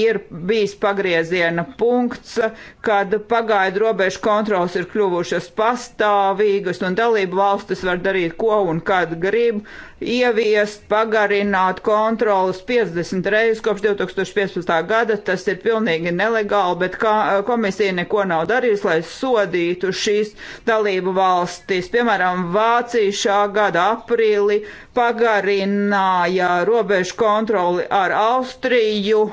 ir bijis pagrieziena punkts, kad pagaidu robežu kontrols ir kļuvušas pastāvīgas un dalību valstis var darīt ko un kad grib ieviest, pagarināt kontrolas 50 reizes kopš 2015. gada. Tas ir pilnīgi nelegāli, bet komisija neko nav darījusi, lai sodītu šīs dalību valstis. Piemēram, Vācija šā gada aprīlī pagarināja robežu kontroli ar Austriju.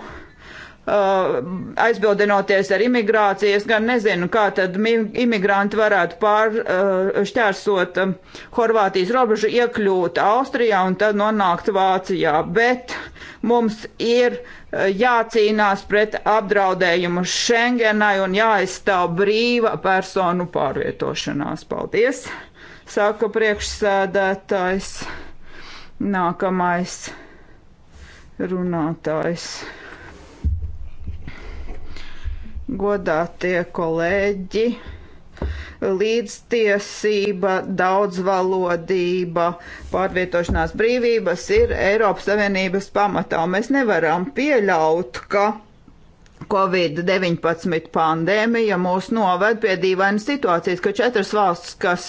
Uh, aizbildinoties ar imigrāciju. Es gan nezinu, kā tad imigranti varētu pāršķērsot uh, um, Horvātijas robežu, iekļūt Austrijā un tad nonākt Vācijā. Bet mums ir uh, jācīnās pret apdraudējumu Schengenai un jāaizstāv brīva personu pārvietošanās. Paldies! Saka priekšsēdētājs. Nākamais runātājs godātie kolēģi, līdztiesība, daudzvalodība, pārvietošanās brīvības ir Eiropas Savienības pamatā. Mēs nevaram pieļaut, ka Covid-19 pandēmija mūs noved pie dīvainas situācijas, ka četras valsts, kas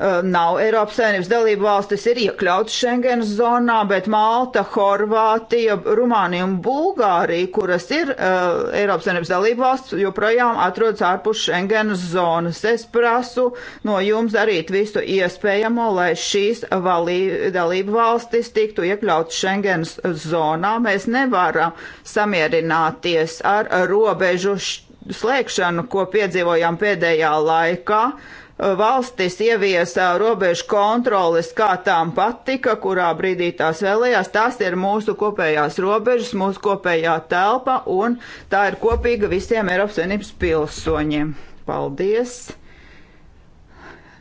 Eh, nav Eiropas Savienības dalību valstis, ir iekļautas Schengenas zonā, bet Malta, Horvātija, Rumānija un Bulgārija, kuras ir uh, Eiropas Savienības dalību valsts, joprojām atrodas ārpus Schengenas zonas. Es prasu no jums darīt visu iespējamo, lai šīs valī, dalību valstis tiktu iekļautas Schengenas zonā. Mēs nevaram samierināties ar robežu slēgšanu, ko piedzīvojām pēdējā laikā. Uh, valstis ieviesa robežu kontroles, kā tām patika, kurā brīdī tās vēlējās. Tās ir mūsu kopējās robežas, mūsu kopējā telpa, un tā ir kopīga visiem Eiropas Savienības pilsoņiem. Paldies!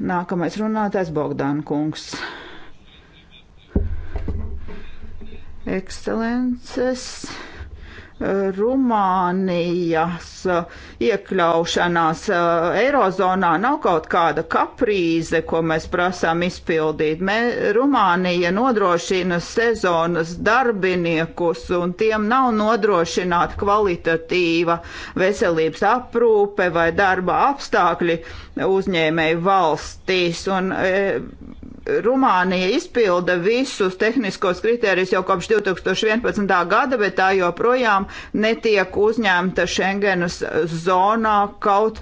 Nākamais runātājs Bogdāna kungs. Ekscelences. Rumānijas iekļaušanās eh, Eirozonā nav kaut kāda kaprīze, ko mēs prasām izpildīt. Mē, Rumānija nodrošina sezonas darbiniekus, un tiem nav nodrošināta kvalitatīva veselības aprūpe vai darba apstākļi uzņēmēju valstīs. Un, e, Rumānija izpilda visus tehniskos kritērijus jau kopš 2011. gada, bet tā joprojām netiek uzņemta Schengenas zonā kaut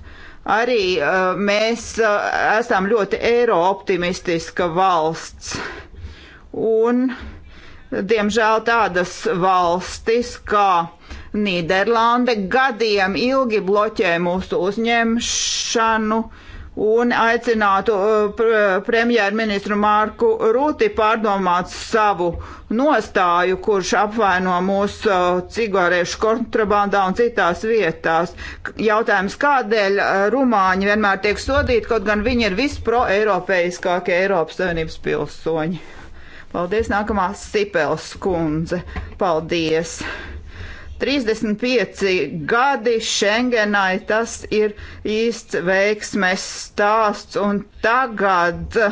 arī uh, mēs uh, esam ļoti eirooptimistiska valsts. Un, diemžēl, tādas valstis kā Nīderlande gadiem ilgi bloķē mūsu uzņemšanu uh, un aicinātu uh, premjerministru Mārku Rūti pārdomāt savu nostāju, kurš apvaino mūs uh, cigarešu kontrabandā un citās vietās. Jautājums, kādēļ uh, rumāņi vienmēr tiek sodīti, kaut gan viņi ir visproeiropeiskākie Eiropas Savienības pilsoņi. Paldies, nākamā Sipels kundze. Paldies! 35 gadi Schengenai tas ir īsts veiksmes stāsts, un tagad uh,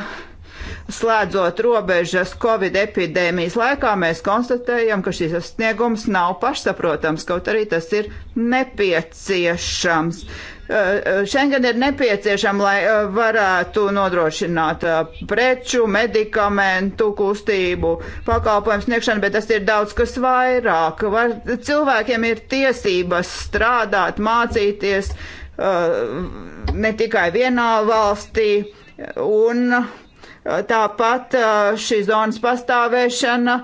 Slēdzot robežas Covid epidēmijas laikā, mēs konstatējam, ka šis sasniegums nav pašsaprotams, kaut arī tas ir nepieciešams. Šengen eh, eh, ir nepieciešama, lai eh, varētu nodrošināt preču, medikamentu, kustību, pakalpojumu sniegšanu, bet tas ir daudz kas vairāk. Var, cilvēkiem ir tiesības strādāt, mācīties ne tikai vienā valstī un Tāpat šīs zonas pastāvēšana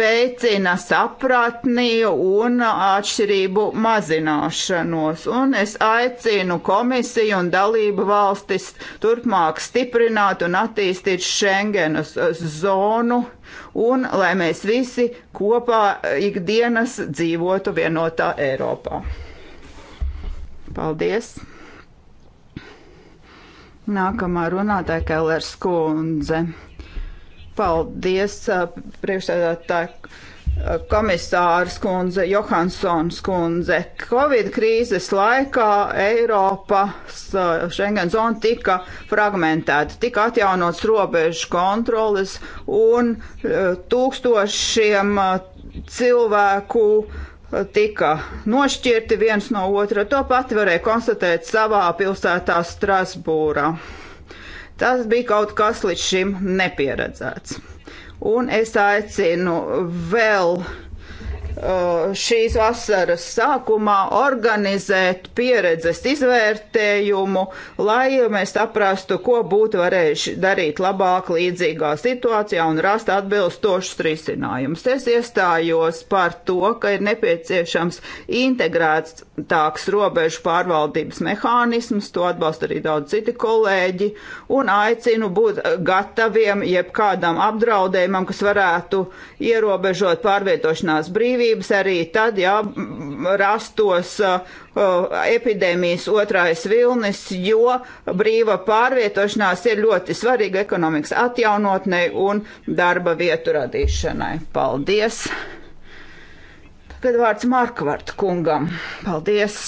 veicina sapratni un atšķirību mazināšanos. Un es aicinu komisiju un dalību valstis turpmāk stiprināt un attīstīt Schengenas zonu un lai mēs visi kopā ikdienas dzīvotu vienotā Eiropā. Paldies! Nākamā runātāja Kellers Kundze. Paldies, priekšsēdētāja komisārs kundze, Johansons kundze. Covid krīzes laikā Eiropas Schengen zona tika fragmentēta, tika atjaunots robežu kontroles un tūkstošiem cilvēku uh, tika nošķirti viens no otra. To pati varēja konstatēt savā pilsētā Strasbūrā. Tas bija kaut kas līdz šim nepieredzēts. Un es aicinu vēl uh, Uh, šīs vasaras sākumā organizēt pieredzes izvērtējumu, lai mēs saprastu, ko būtu varējuši darīt labāk līdzīgā situācijā un rast atbilstošus risinājumus. Es iestājos par to, ka ir nepieciešams integrēts tāks robežu pārvaldības mehānisms, to atbalsta arī daudz citi kolēģi, un aicinu būt gataviem jebkādam apdraudējumam, kas varētu ierobežot pārvietošanās brīvību vērtības arī tad, ja rastos uh, uh, epidēmijas otrais vilnis, jo brīva pārvietošanās ir ļoti svarīga ekonomikas atjaunotnei un darba vietu radīšanai. Paldies! Tagad vārds Markvart kungam. Paldies!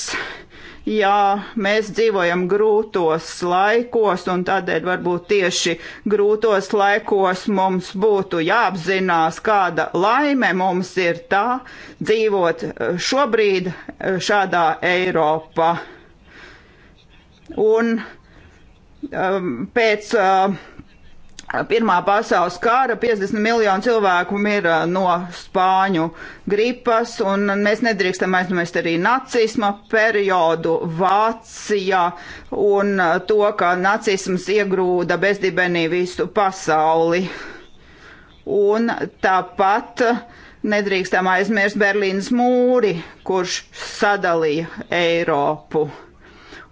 Jā, mēs dzīvojam grūtos laikos, un tādēļ varbūt tieši grūtos laikos mums būtu jāapzinās, kāda laime mums ir tā dzīvot eh, šobrīd eh, šādā Eiropā. Un um, pēc uh, Pirmā pasaules kara 50 miljonu cilvēku mira no spāņu gripas, un mēs nedrīkstam aizmirst arī nacisma periodu Vācijā un to, ka nacisms iegrūda bezdibenī visu pasauli. Un tāpat nedrīkstam aizmirst Berlīnas mūri, kurš sadalīja Eiropu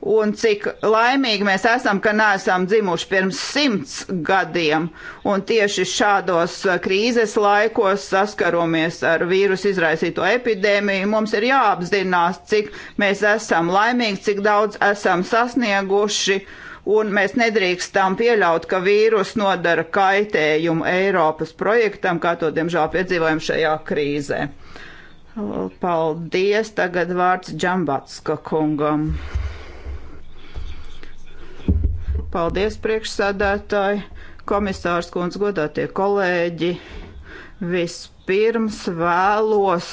un cik laimīgi mēs esam, ka neesam dzimuši pirms simts gadiem. Un tieši šādos uh, krīzes laikos saskaromies ar vīrusu izraisīto epidēmiju. Mums ir jāapzinās, cik mēs esam laimīgi, cik daudz esam sasnieguši. Un mēs nedrīkstam pieļaut, ka vīrus nodara kaitējumu Eiropas projektam, kā to diemžēl piedzīvojam šajā krīzē. Paldies! Tagad vārds Džambatska kungam. Paldies, priekšsēdētāji, komisārs kundz, godātie kolēģi. Vispirms vēlos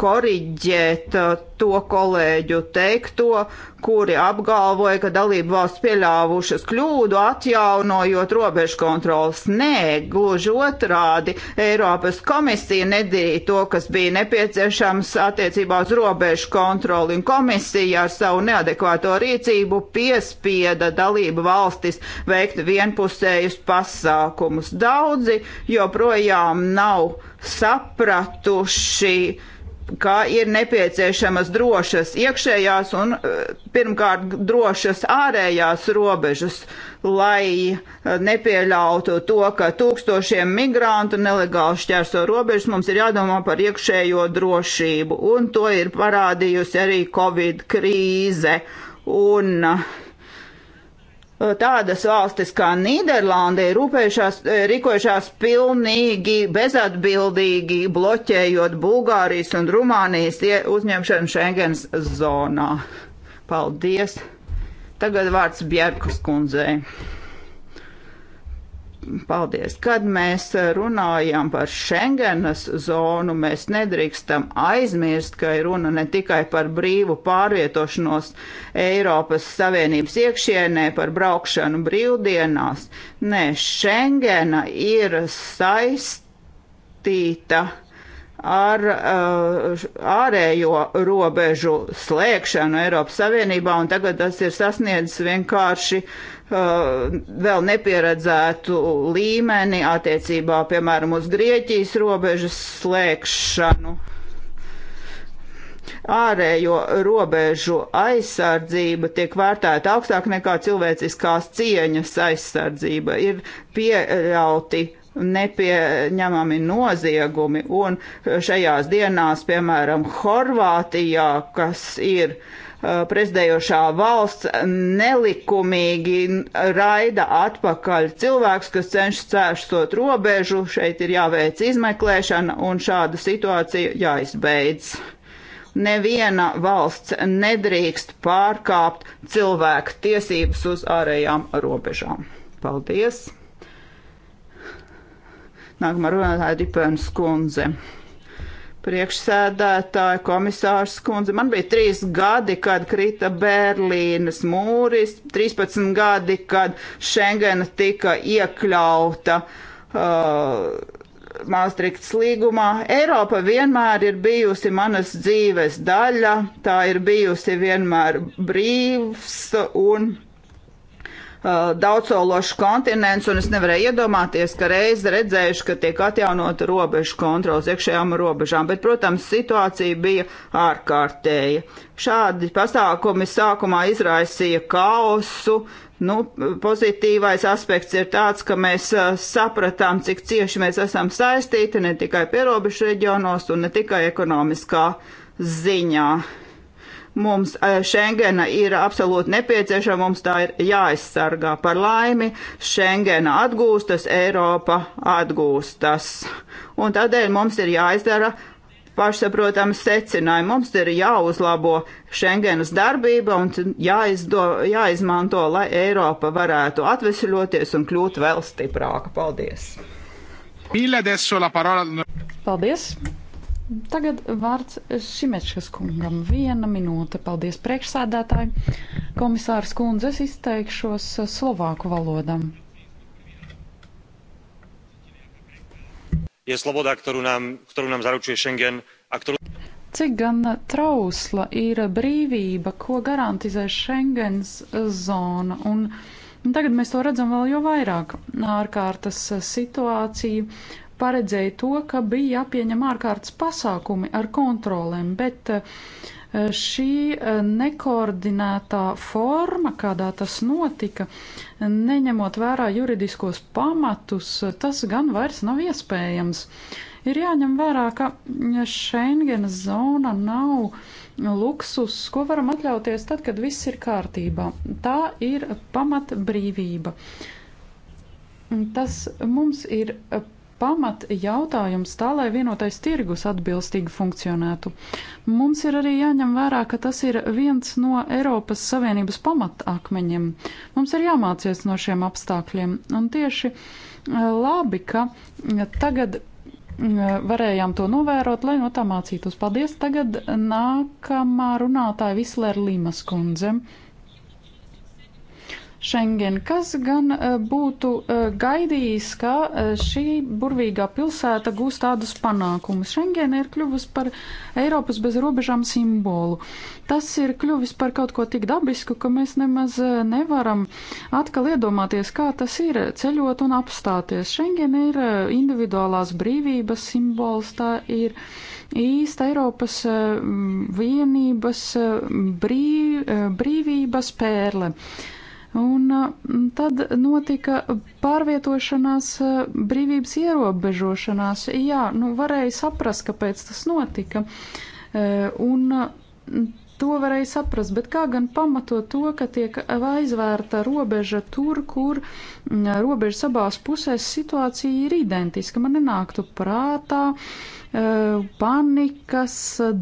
koriģēt uh, to kolēģu teikto, kuri apgalvoja, ka dalību valsts pieļāvušas kļūdu atjaunojot robežu kontrolas. Nē, gluži otrādi, Eiropas komisija nedarīja to, kas bija nepieciešams attiecībā uz robežu kontroli, un komisija ar savu neadekvāto rīcību piespieda dalību valstis veikt vienpusējus pasākumus. Daudzi joprojām nav sapratuši, ka ir nepieciešamas drošas iekšējās un e, pirmkārt drošas ārējās robežas, lai e, nepieļautu to, ka tūkstošiem migrantu nelegāli šķērso robežas, mums ir jādomā par iekšējo drošību, un to ir parādījusi arī Covid krīze. Un uh, Eh, tādas valstis kā Nīderlanda ir rūpējušās, eh, rīkojušās pilnīgi bezatbildīgi, bloķējot Bulgārijas un Rumānijas uzņemšanu Schengens zonā. Paldies! Tagad vārds Bjerkas kundzei. Paldies. Kad mēs runājam par Schengenas zonu, mēs nedrīkstam aizmirst, ka ir runa ne tikai par brīvu pārvietošanos Eiropas Savienības iekšienē, par braukšanu brīvdienās. Nē, Schengena ir saistīta ar uh, ārējo robežu slēgšanu Eiropas Savienībā, un tagad tas ir sasniedzis vienkārši uh, Uh, vēl nepieredzētu līmeni attiecībā, piemēram, uz Grieķijas robežas slēgšanu. Ārējo robežu aizsardzība tiek vērtēta augstāk nekā cilvēciskās cieņas aizsardzība. Ir pieļauti nepieņemami noziegumi. Un šajās dienās, piemēram, Horvātijā, kas ir uh, prezidējošā valsts, nelikumīgi raida atpakaļ cilvēks, kas cenšas cēršot robežu. Šeit ir jāveic izmeklēšana un šāda situācija jāizbeidz. Neviena valsts nedrīkst pārkāpt cilvēku tiesības uz ārējām robežām. Paldies! Nākamā runātāja Dipēns kundze priekšsēdētāja, komisārs kundze. Man bija trīs gadi, kad krita Berlīnas mūris, 13 gadi, kad Schengena tika iekļauta uh, Māstrikts līgumā. Eiropa vienmēr ir bijusi manas dzīves daļa, tā ir bijusi vienmēr brīvs un Uh, daudzsološs kontinents, un es nevarēju iedomāties, ka reiz redzējuši, ka tiek atjaunota robežu kontrols iekšējām robežām, bet, protams, situācija bija ārkārtēja. Šādi pasākumi sākumā izraisīja kaosu, Nu, pozitīvais aspekts ir tāds, ka mēs uh, sapratām, cik cieši mēs esam saistīti ne tikai pierobežu reģionos un ne tikai ekonomiskā ziņā. Mums e, Schengena ir absolūti nepieciešama, mums tā ir jāaizsargā par laimi. Schengena atgūstas, Eiropa atgūstas. Un tādēļ mums ir jāizdara pašsaprotami secinājumi. Mums ir jāuzlabo Schengenas darbība un jāizdo, jāizmanto, lai Eiropa varētu atvesļoties un kļūt vēl stiprāka. Paldies! Paldies! Tagad vārds Šimečkas kungam. Viena minūte. Paldies priekšsēdētāji. Komisārs kundze, es izteikšos slovāku valodam. Je sloboda, ktorú nám, ktorú nám zaručuje Schengen a ktorú... Cik gan trausla ir brīvība, ko garantizē Schengens zona. Un tagad mēs to redzam vēl jo vairāk ārkārtas situāciju paredzēja to, ka bija jāpieņem ārkārtas pasākumi ar kontrolēm, bet eh, šī eh, nekoordinētā forma, kādā tas notika, neņemot vērā juridiskos pamatus, tas gan vairs nav iespējams. Ir jāņem vērā, ka mm, Schengenas zona nav luksus, ko varam atļauties tad, kad viss ir kārtībā. Tā ir pamat brīvība. Tas mums ir pamat jautājums tā, lai vienotais tirgus atbilstīgi funkcionētu. Mums ir arī jāņem vērā, ka tas ir viens no Eiropas Savienības pamatakmeņiem. Mums ir jāmācies no šiem apstākļiem. Un tieši eh, labi, ka eh, tagad eh, varējām to novērot, lai no tā mācītos. Paldies! Tagad nākamā runātāja Vislēra Līmas kundze. Schengen, kas gan eh, būtu eh, gaidījis, ka eh, šī burvīgā pilsēta gūs tādus panākumus. Schengen ir kļuvusi par Eiropas bez robežām simbolu. Tas ir kļuvis par kaut ko tik dabisku, ka mēs nemaz nevaram atkal iedomāties, kā tas ir ceļot un apstāties. Schengen ir individuālās brīvības simbols, tā ir īsta Eiropas vienības brīv, brīvības pērle. Un tad notika pārvietošanās brīvības ierobežošanās. Jā, nu varēja saprast, kāpēc tas notika. E, un to varēja saprast, bet kā gan pamatot to, ka tiek aizvērta robeža tur, kur robežas abās pusēs situācija ir identiska. Man nenāktu prātā Eh, panikas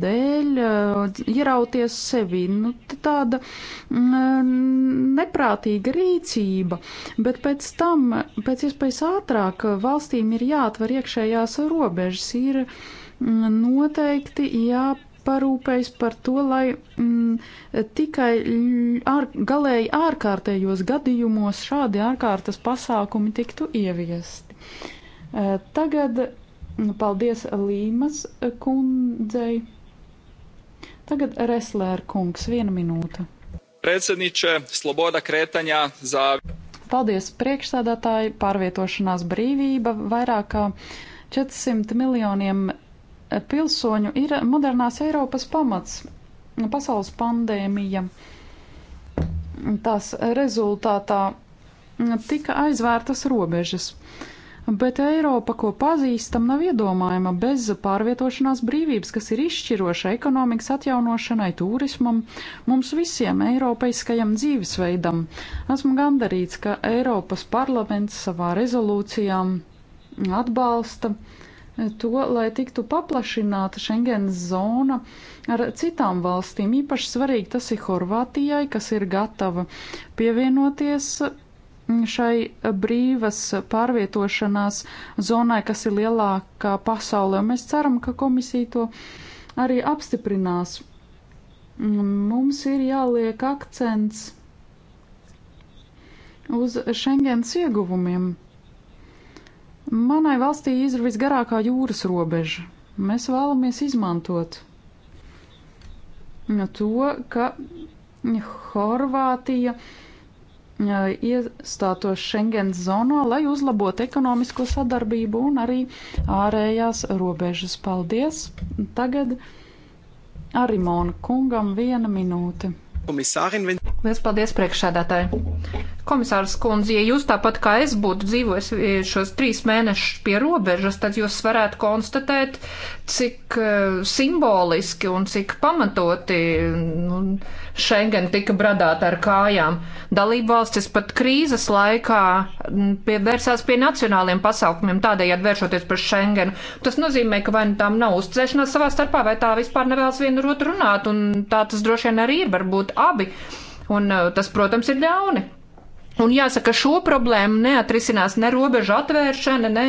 dēļ eh, ierauties sevi. Nu, tāda mm, eh, neprātīga rīcība, bet pēc tam, pēc iespējas ātrāk, valstīm ir jāatver iekšējās robežas, ir mm, noteikti jāpārāk parūpējas par to, lai mm, tikai ār, galēji ārkārtējos gadījumos šādi ārkārtas pasākumi tiktu ieviesti. Tagad Nu, paldies eh, Līmas eh, kundzei. Tagad Reslēra kungs, viena minūte. Predsjedniče, sloboda kretanja za. Paldies priekšsēdētāji, pārvietošanās brīvība vairāk kā 400 miljoniem eh, pilsoņu ir modernās Eiropas pamats. Pasaules pandēmija tās rezultātā mm, tika aizvērtas robežas. Uh, Bet Eiropa, ko pazīstam, nav iedomājama bez pārvietošanās brīvības, kas ir izšķiroša ekonomikas atjaunošanai, turismam, mums visiem eiropeiskajam dzīvesveidam. Esmu gandarīts, ka Eiropas parlaments savā rezolūcijā atbalsta to, lai tiktu paplašināta Schengens zona ar citām valstīm. Īpaši svarīgi tas ir Horvātijai, kas ir gatava pievienoties šai brīvas pārvietošanās zonai, kas ir lielākā pasaulē. Mēs ceram, ka komisija to arī apstiprinās. Mums ir jāliek akcents uz Schengens ieguvumiem. Manai valstī ir visgarākā jūras robeža. Mēs vēlamies izmantot to, ka Horvātija uh, iestātos Schengens zonā, lai uzlabotu ekonomisko sadarbību un arī ārējās robežas. Paldies! Tagad arī Mona kungam viena minūte. Liels paldies priekšsēdētāji! Komisārs Kundze, ja jūs tāpat kā es būtu dzīvojis e, šos trīs mēnešus pie robežas, tad jūs varētu konstatēt, cik e, simboliski un cik pamatoti nu, Schengen tika bradāta ar kājām. Dalība valstis pat krīzes laikā pievērsās pie nacionāliem pasaukumiem, tādējādi vēršoties par Schengen. Tas nozīmē, ka vai nu tām nav uzticēšanās savā starpā, vai tā vispār nevēlas vienu otru runāt, un tā tas droši vien arī ir, varbūt abi. Un e, tas, protams, ir ļauni. Un jāsaka, šo problēmu neatrisinās ne robežu atvēršana, ne,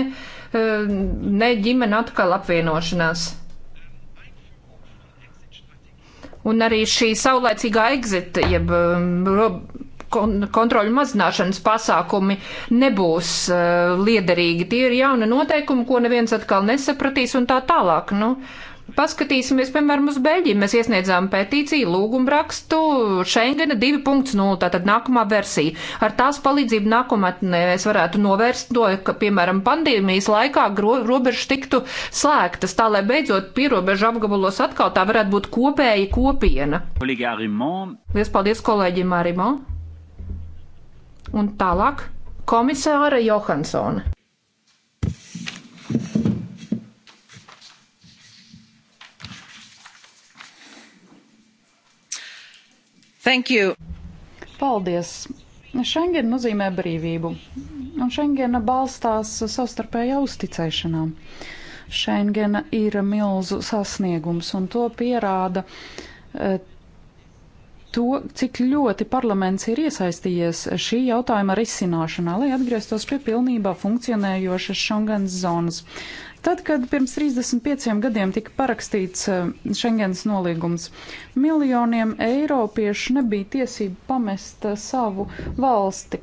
eh, ne ģimene atkal apvienošanās. Un arī šī saulēcīgā exit, jeb um, kontroļu mazināšanas pasākumi nebūs uh, liederīgi. Tie ir jauni noteikumi, ko neviens atkal nesapratīs un tā tālāk. Nu, uh, Paskatīsimies, piemēram, uz Beļģiju. Mēs iesniedzām petīciju, lūgumu rakstu Schengena 2.0, tātad nākamā versija. Ar tās palīdzību nākotnē mēs varētu novērst to, ka, piemēram, pandēmijas laikā robežas tiktu slēgtas, tā lai beidzot pierobežu apgabalos atkal tā varētu būt kopēja kopiena. Lies paldies kolēģim Arimo. Un tālāk komisāra Johansona. Thank you. Paldies. Schengen nozīmē brīvību, un Schengena balstās savstarpējā uzticēšanā. Schengena ir milzu sasniegums, un to pierāda e, to, cik ļoti parlaments ir iesaistījies šī jautājuma risināšanā, lai atgrieztos pie pilnībā funkcionējošas Schengens zonas. Tad, kad pirms 35 gadiem tika parakstīts eh, Schengens nolīgums, miljoniem eiropiešu nebija tiesību pamest eh, savu valsti.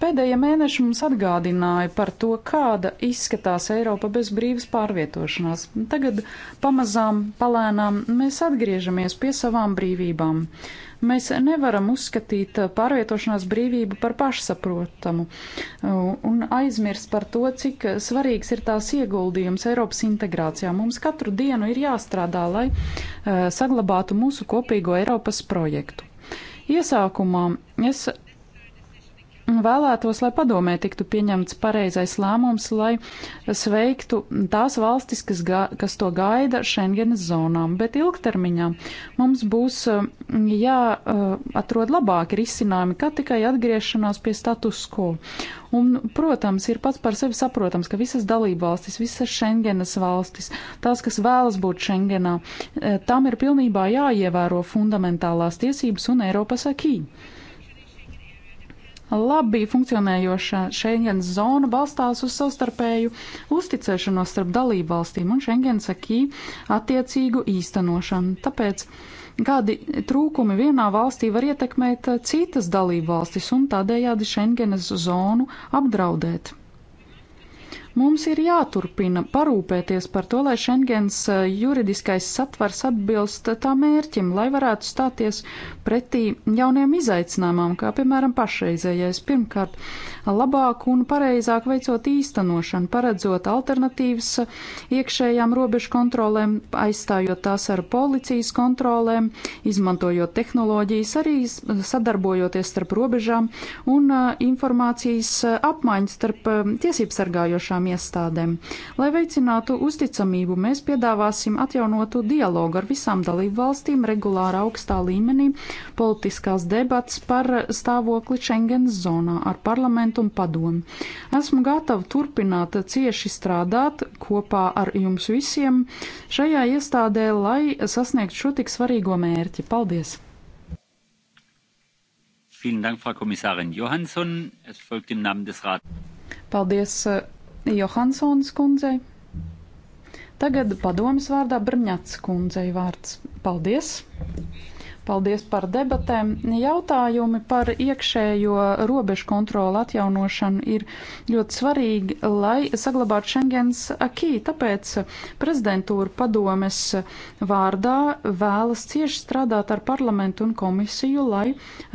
Pēdējie mēneši mums atgādināja par to, kāda izskatās Eiropa bez brīvas pārvietošanās. Tagad pamazām, palēnām mēs atgriežamies pie savām brīvībām mēs nevaram uzskatīt eh, pārvietošanās brīvību par pašsaprotamu un aizmirst par to, cik svarīgs ir tās ieguldījums vārds Eiropas integrācijā. Mums katru dienu ir jāstrādā, lai uh, saglabātu mūsu kopīgo Eiropas projektu. Iesākumā es vēlētos, lai padomē tiktu pieņemts pareizais lēmums, lai sveiktu tās valstis, kas, ga, kas to gaida Schengenes zonām, bet ilgtermiņā mums būs mm, jāatrod eh, labāki risinājumi, kā tikai atgriešanās pie status quo. Un, protams, ir pats par sevi saprotams, ka visas dalība valstis, visas Schengenas valstis, tās, kas vēlas būt Schengenā, eh, tam ir pilnībā jāievēro fundamentālās tiesības un Eiropas akī labi funkcionējoša Schengens zona balstās uz savstarpēju uzticēšanos starp dalību valstīm un Schengens akī attiecīgu īstenošanu. Tāpēc kādi trūkumi vienā valstī var ietekmēt citas dalību valstis un tādējādi Schengenes zonu apdraudēt. Mums ir jāturpina parūpēties par to, lai Schengens eh, juridiskais satvars atbilst tā mērķim, lai varētu stāties pretī jauniem izaicinājumam, kā piemēram pašreizējais. Pirmkārt, labāk un pareizāk veicot īstenošanu, paredzot alternatīvas eh, iekšējām robežu kontrolēm, aizstājot tās ar policijas kontrolēm, izmantojot tehnoloģijas, arī sadarbojoties starp robežām un eh, informācijas apmaiņas starp tiesības sargājošām vadošajām iestādēm. Lai veicinātu uzticamību, mēs piedāvāsim atjaunotu dialogu ar visām dalību valstīm regulāra augstā līmenī politiskās debats par stāvokli Schengens zonā ar parlamentu un padomu. Esmu gatava turpināt cieši strādāt kopā ar jums visiem šajā iestādē, lai sasniegtu šo tik svarīgo mērķi. Paldies! Vielen Dank, Frau Kommissarin Johansson. Es folgt im Namen des Rates. Paldies Johansons kundzei. Tagad padomas vārdā Brņats kundzei vārds. Paldies! Paldies par debatēm. Jautājumi par iekšējo robežu kontroli atjaunošanu ir ļoti svarīgi, lai saglabātu Schengens akī. Tāpēc prezidentūra padomes vārdā vēlas cieši strādāt ar parlamentu un komisiju, lai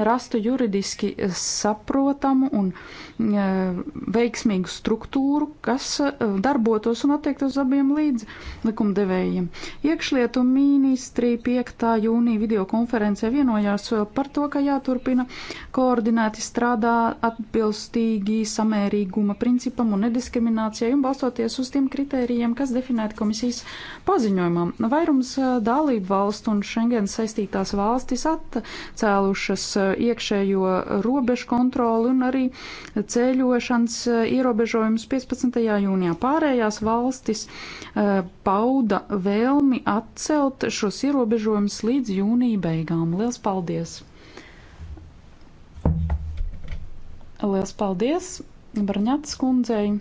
rastu juridiski saprotamu un e, veiksmīgu struktūru, kas e, darbotos un attiektos abiem līdz likumdevējiem. Iekšlietu ministrija 5. jūnija videokonferences konferencē vienojās eh, par to, ka jāturpina koordinēti strādā atbilstīgi samērīguma principam un nediskriminācijai un balstoties uz tiem kritērijiem, kas definēti komisijas paziņojumam. Vairums eh, dalību valstu un Schengen saistītās valstis atcēlušas eh, iekšējo robežu kontroli un arī ceļošanas ierobežojumus 15. jūnijā. Pārējās valstis pauda vēlmi atcelt šos ierobežojumus līdz jūnija beigām beigām. Lielas paldies! Lielas paldies Barņats kundzei!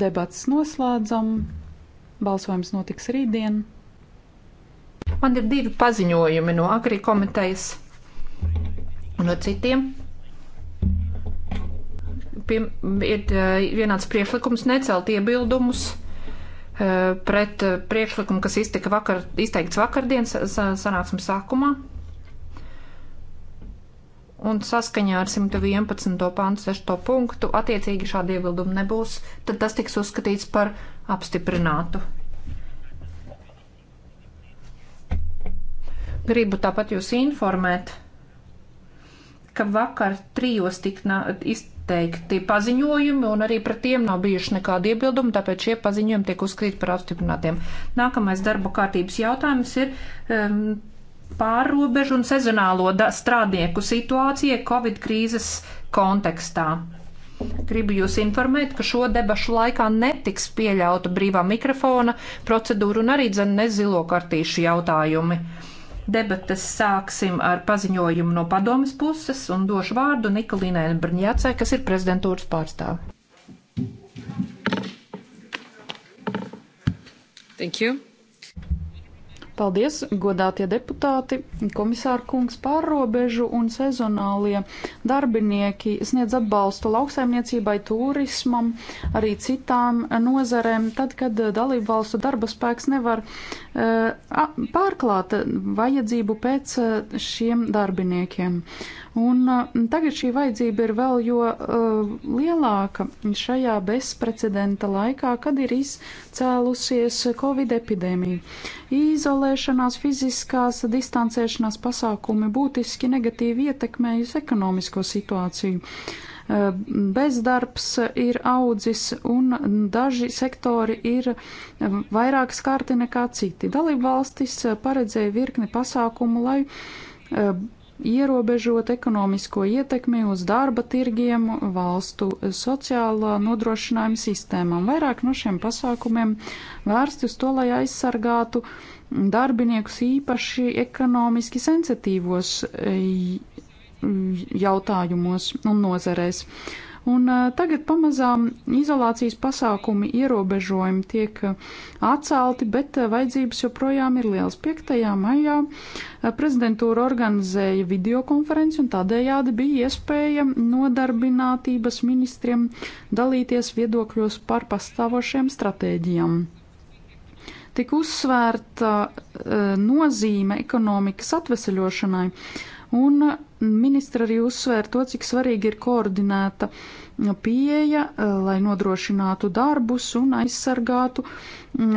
Debats noslēdzam. Balsojums notiks rītdien. Man ir divi paziņojumi no Agri komitejas un no citiem pie, ir eh, vienāds priekšlikums necelt iebildumus Eh, pret eh, priekšlikumu, kas iztika vakar, izteikts vakardienas sanāksmes sākumā. Un saskaņā ar 111. pāntu 6. punktu attiecīgi šādi iebildumi nebūs, tad tas tiks uzskatīts par apstiprinātu. Gribu tāpat jūs informēt, ka vakar trijos tika iz, izteikti paziņojumi, un arī pret tiem nav bijuši nekādi iebildumi, tāpēc šie paziņojumi tiek uzskatīti par apstiprinātiem. Nākamais darba kārtības jautājums ir um, pārrobežu un sezonālo strādnieku situācija Covid krīzes kontekstā. Gribu jūs informēt, ka šo debašu laikā netiks pieļauta brīvā mikrofona procedūra un arī dzen nezilo kartīšu jautājumi. Uh, Debates sāksim ar paziņojumu no padomas puses un došu vārdu Nikolīnai Brņācai, kas ir prezidentūras pārstāve. Thank you. Paldies, godātie deputāti, komisāra kungs pārrobežu un sezonālie darbinieki sniedz atbalstu lauksaimniecībai, turismam, arī citām nozarēm, tad, kad dalību valstu darba spēks nevar uh, pārklāt vajadzību pēc eh, šiem darbiniekiem. Un uh, tagad šī vajadzība ir vēl jo uh, lielāka šajā bezprecedenta laikā, kad ir izcēlusies Covid epidēmija. Izolēšanās, fiziskās distancēšanās pasākumi būtiski negatīvi ietekmējusi ekonomisko situāciju uh, bezdarbs ir audzis un daži sektori ir uh, vairāk skarti nekā citi. Dalība valstis paredzēja virkni pasākumu, lai ierobežot ekonomisko ietekmi uz darba tirgiem, valstu sociālā nodrošinājuma sistēmām. Vairāk no šiem pasākumiem vērsti uz to, lai aizsargātu darbiniekus īpaši ekonomiski sensitīvos e, jautājumos un nozerēs. Un tagad pamazām izolācijas pasākumi ierobežojumi tiek atcelti, bet vajadzības joprojām ir liels. 5. maijā prezidentūra organizēja videokonferenci un tādējādi bija iespēja nodarbinātības ministriem dalīties viedokļos par pastāvošiem stratēģijām tika uzsvērta nozīme ekonomikas atveseļošanai, un Ministra arī uzsvēra to, cik svarīgi ir koordinēta pieeja, eh, lai nodrošinātu darbus un aizsargātu uh,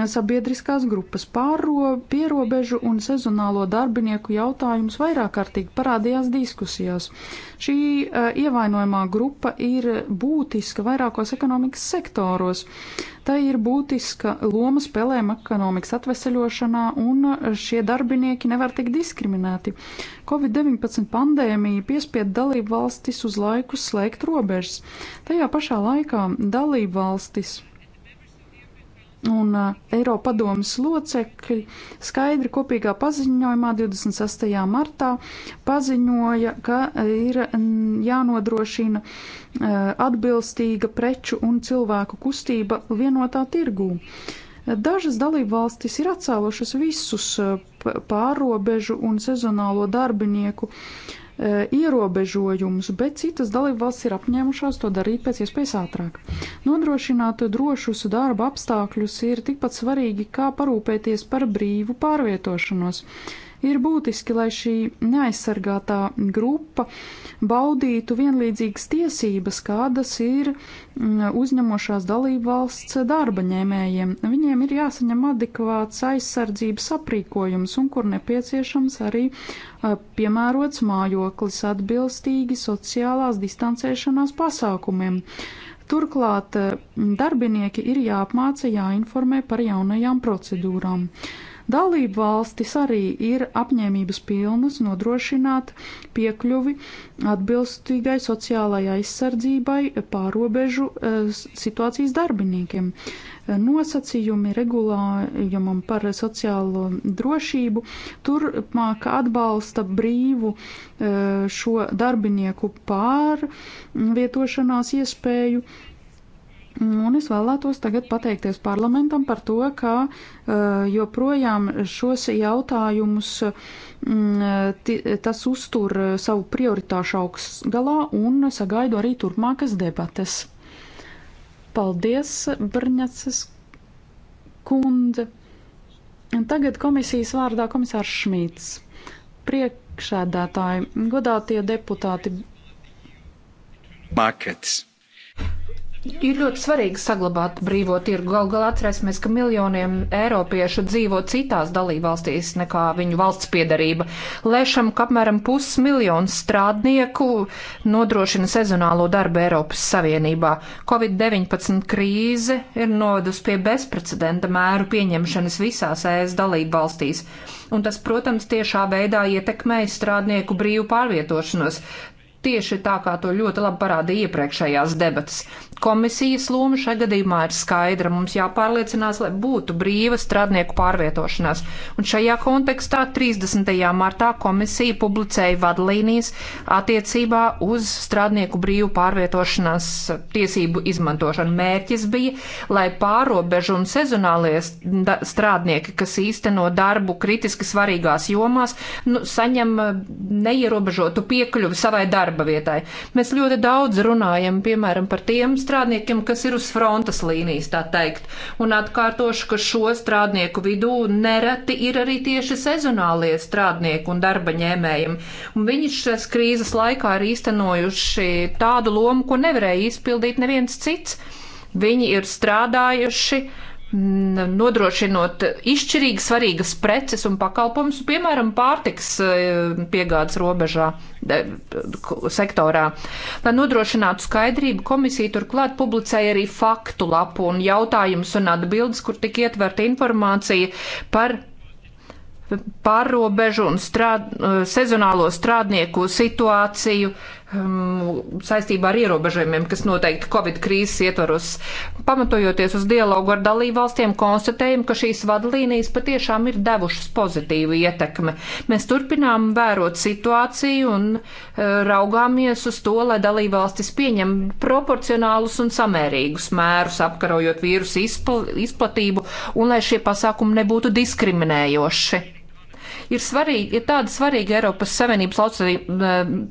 sabiedriskās grupas pārro, pierobežu un sezonālo darbinieku jautājums vairāk kārtīgi parādījās diskusijās. Šī uh, e, ievainojumā grupa ir būtiska vairākos ekonomikas sektoros. Tā ir būtiska loma spēlēma ekonomikas atveseļošanā un šie darbinieki nevar tikt diskriminēti. Covid-19 pandēmija piespied dalību valstis uz laiku slēgt robežas. Tajā pašā laikā dalību valstis un uh, Eiropadomas locekļi skaidri kopīgā paziņojumā 26. martā paziņoja, ka uh, ir jānodrošina uh, atbilstīga preču un cilvēku kustība vienotā tirgū. Dažas dalību valstis ir atcēlušas visus pārobežu un sezonālo darbinieku uh, E, ierobežojumus, bet citas dalībvalsts ir apņēmušās to darīt pēc iespējas ātrāk. Nodrošināt drošus darba apstākļus ir tikpat svarīgi kā parūpēties par brīvu pārvietošanos. Uh, Ir būtiski, lai šī neaizsargātā grupa baudītu vienlīdzīgas tiesības, kādas ir mm, uzņemošās dalību valsts darba ņēmējiem. Viņiem ir jāsaņem adekvāts aizsardzības aprīkojums un, kur nepieciešams, arī piemērots mājoklis atbilstīgi sociālās distancēšanās pasākumiem. Turklāt darbinieki ir jāapmāca, jāinformē par jaunajām procedūrām. Uh, Dalību valstis arī ir apņēmības pilnas nodrošināt piekļuvi atbilstīgai sociālajai aizsardzībai pārobežu eh, situācijas darbiniekiem. Nosacījumi regulējumam par sociālo drošību turpmāk atbalsta brīvu eh, šo darbinieku pārvietošanās iespēju Un es vēlētos tagad pateikties parlamentam par to, ka eh, joprojām šos jautājumus mm, tas uztur savu prioritāšu augstgalā un sagaidu arī turpmākas debates. Paldies, Brņacas kundze. Tagad komisijas vārdā komisārs Šmīts. Priekšēdētāji, godātie deputāti. Markets. Ir ļoti svarīgi saglabāt brīvo tirgu. Galu galā atcerēsimies, ka miljoniem eiropiešu dzīvo citās dalībvalstīs nekā viņu valsts piedarība. Lēšam, ka apmēram pusmiljonu strādnieku nodrošina sezonālo darbu Eiropas Savienībā. Covid-19 krīze ir novedus pie bezprecedenta mēru pieņemšanas visās ES dalībvalstīs. Un tas, protams, tiešā veidā ietekmēja strādnieku brīvu pārvietošanos tieši tā, kā to ļoti labi parādīja iepriekšējās debatas. Komisijas loma šajā gadījumā ir skaidra. Mums jāpārliecinās, lai būtu brīva strādnieku pārvietošanās. Un šajā kontekstā 30. martā komisija publicēja vadlīnijas attiecībā uz strādnieku brīvu pārvietošanās tiesību izmantošanu. Mērķis bija, lai pārobežu un sezonālie strādnieki, kas īsteno darbu kritiski svarīgās jomās, nu, saņem uh, neierobežotu piekļuvi savai darbai darba vietai. Mēs ļoti daudz runājam, piemēram, par tiem strādniekiem, kas ir uz frontes līnijas, tā teikt. Un atkārtošu, ka šo strādnieku vidū nereti ir arī tieši sezonālie strādnieki un darba ņēmējiem. Un viņi šajās krīzes laikā ir īstenojuši tādu lomu, ko nevarēja izpildīt neviens cits. Viņi ir strādājuši nodrošinot izšķirīgi svarīgas preces un pakalpojumus, piemēram, pārtiks e, piegādes robežā sektorā. Lai nodrošinātu skaidrību, komisija turklāt publicēja arī faktu lapu un jautājumus un atbildes, kur tik ietverta informācija par pārrobežu un strād, e, sezonālo strādnieku situāciju, uh, um, saistībā ar ierobežojumiem, kas noteikti Covid krīzes ietvaros. Pamatojoties uz dialogu ar dalību valstiem, konstatējam, ka šīs vadlīnijas patiešām ir devušas pozitīvu ietekmi. Mēs turpinām vērot situāciju un uh, raugāmies uz to, lai dalību valstis pieņem proporcionālus un samērīgus mērus apkarojot vīrusu izpl izplatību un lai šie pasākumi nebūtu diskriminējoši ir, svarīgi, ir tāda svarīga Eiropas Savienības eh,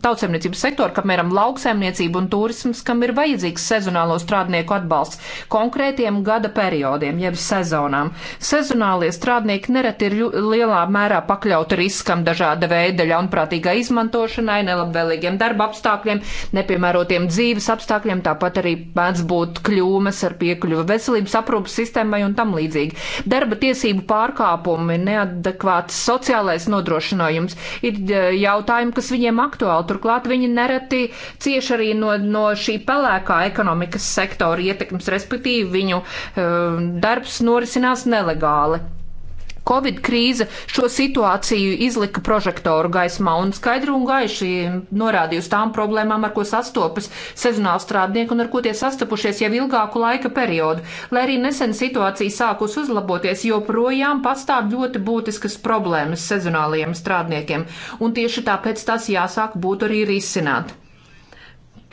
tautsemniecības sektora, kā piemēram lauksemniecība un turisms, kam ir vajadzīgs sezonālo strādnieku atbalsts konkrētiem gada periodiem, jeb sezonām. Sezonālie strādnieki nereti ir lielā mērā pakļauti riskam dažāda veida ļaunprātīgai izmantošanai, nelabvēlīgiem darba apstākļiem, nepiemērotiem dzīves apstākļiem, tāpat arī mēdz būt kļūmes ar piekļuvu veselības aprūpas sistēmai un tam līdzīgi. Darba tiesību pārkāpumi, neadekvāts sociālais sociālais nodrošinājums. Ir e, jautājumi, kas viņiem aktuāli. Turklāt viņi nereti cieši arī no, no šī pelēkā ekonomikas sektora ietekmes, respektīvi viņu um, darbs norisinās nelegāli. Covid krīze šo situāciju izlika prožektoru gaismā un skaidri un gaiši norādīja uz tām problēmām, ar ko sastopas sezonāli strādnieki un ar ko tie sastapušies jau ilgāku laika periodu. Lai arī nesen situācija sākus uzlaboties, joprojām pastāv ļoti būtiskas problēmas sezonāliem strādniekiem, un tieši tāpēc tās jāsāk būt arī risināt.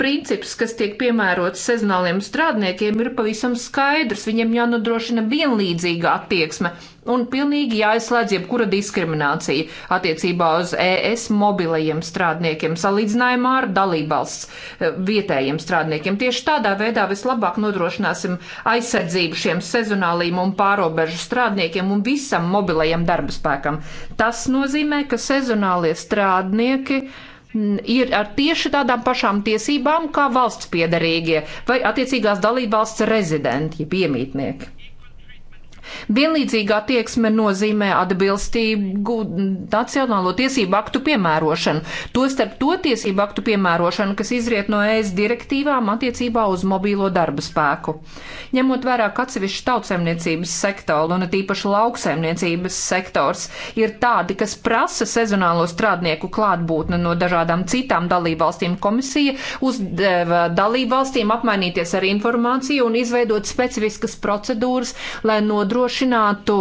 Princips, kas tiek piemērots sezonāliem strādniekiem, ir pavisam skaidrs. Viņiem jānodrošina vienlīdzīga attieksme un pilnīgi jāizslēdz jebkura diskriminācija attiecībā uz ES mobilajiem strādniekiem salīdzinājumā ar dalībvalsts eh, vietējiem strādniekiem. Tieši tādā veidā vislabāk nodrošināsim aizsardzību šiem sezonāliem un pārobežu strādniekiem un visam mobilajam darba spēkam. Tas nozīmē, ka sezonālie strādnieki mm, ir ar tieši tādām pašām tiesībām kā valsts piedarīgie vai attiecīgās dalībvalsts rezidenti, piemītnieki. Vienlīdzīga attieksme nozīmē atbilstību nacionālo tiesību aktu piemērošanu, tostarp to tiesību aktu piemērošanu, kas izriet no ES direktīvām attiecībā uz mobīlo darba spēku. Ņemot vērā, ka atsevišķi tautsemniecības sektoru un tīpaši lauksemniecības sektors ir tādi, kas prasa sezonālo strādnieku klātbūtni no dažādām citām dalībvalstīm, komisija uzdeva dalībvalstīm apmainīties ar informāciju un izveidot specifiskas procedūras, lai nodrošinātu nodrošinātu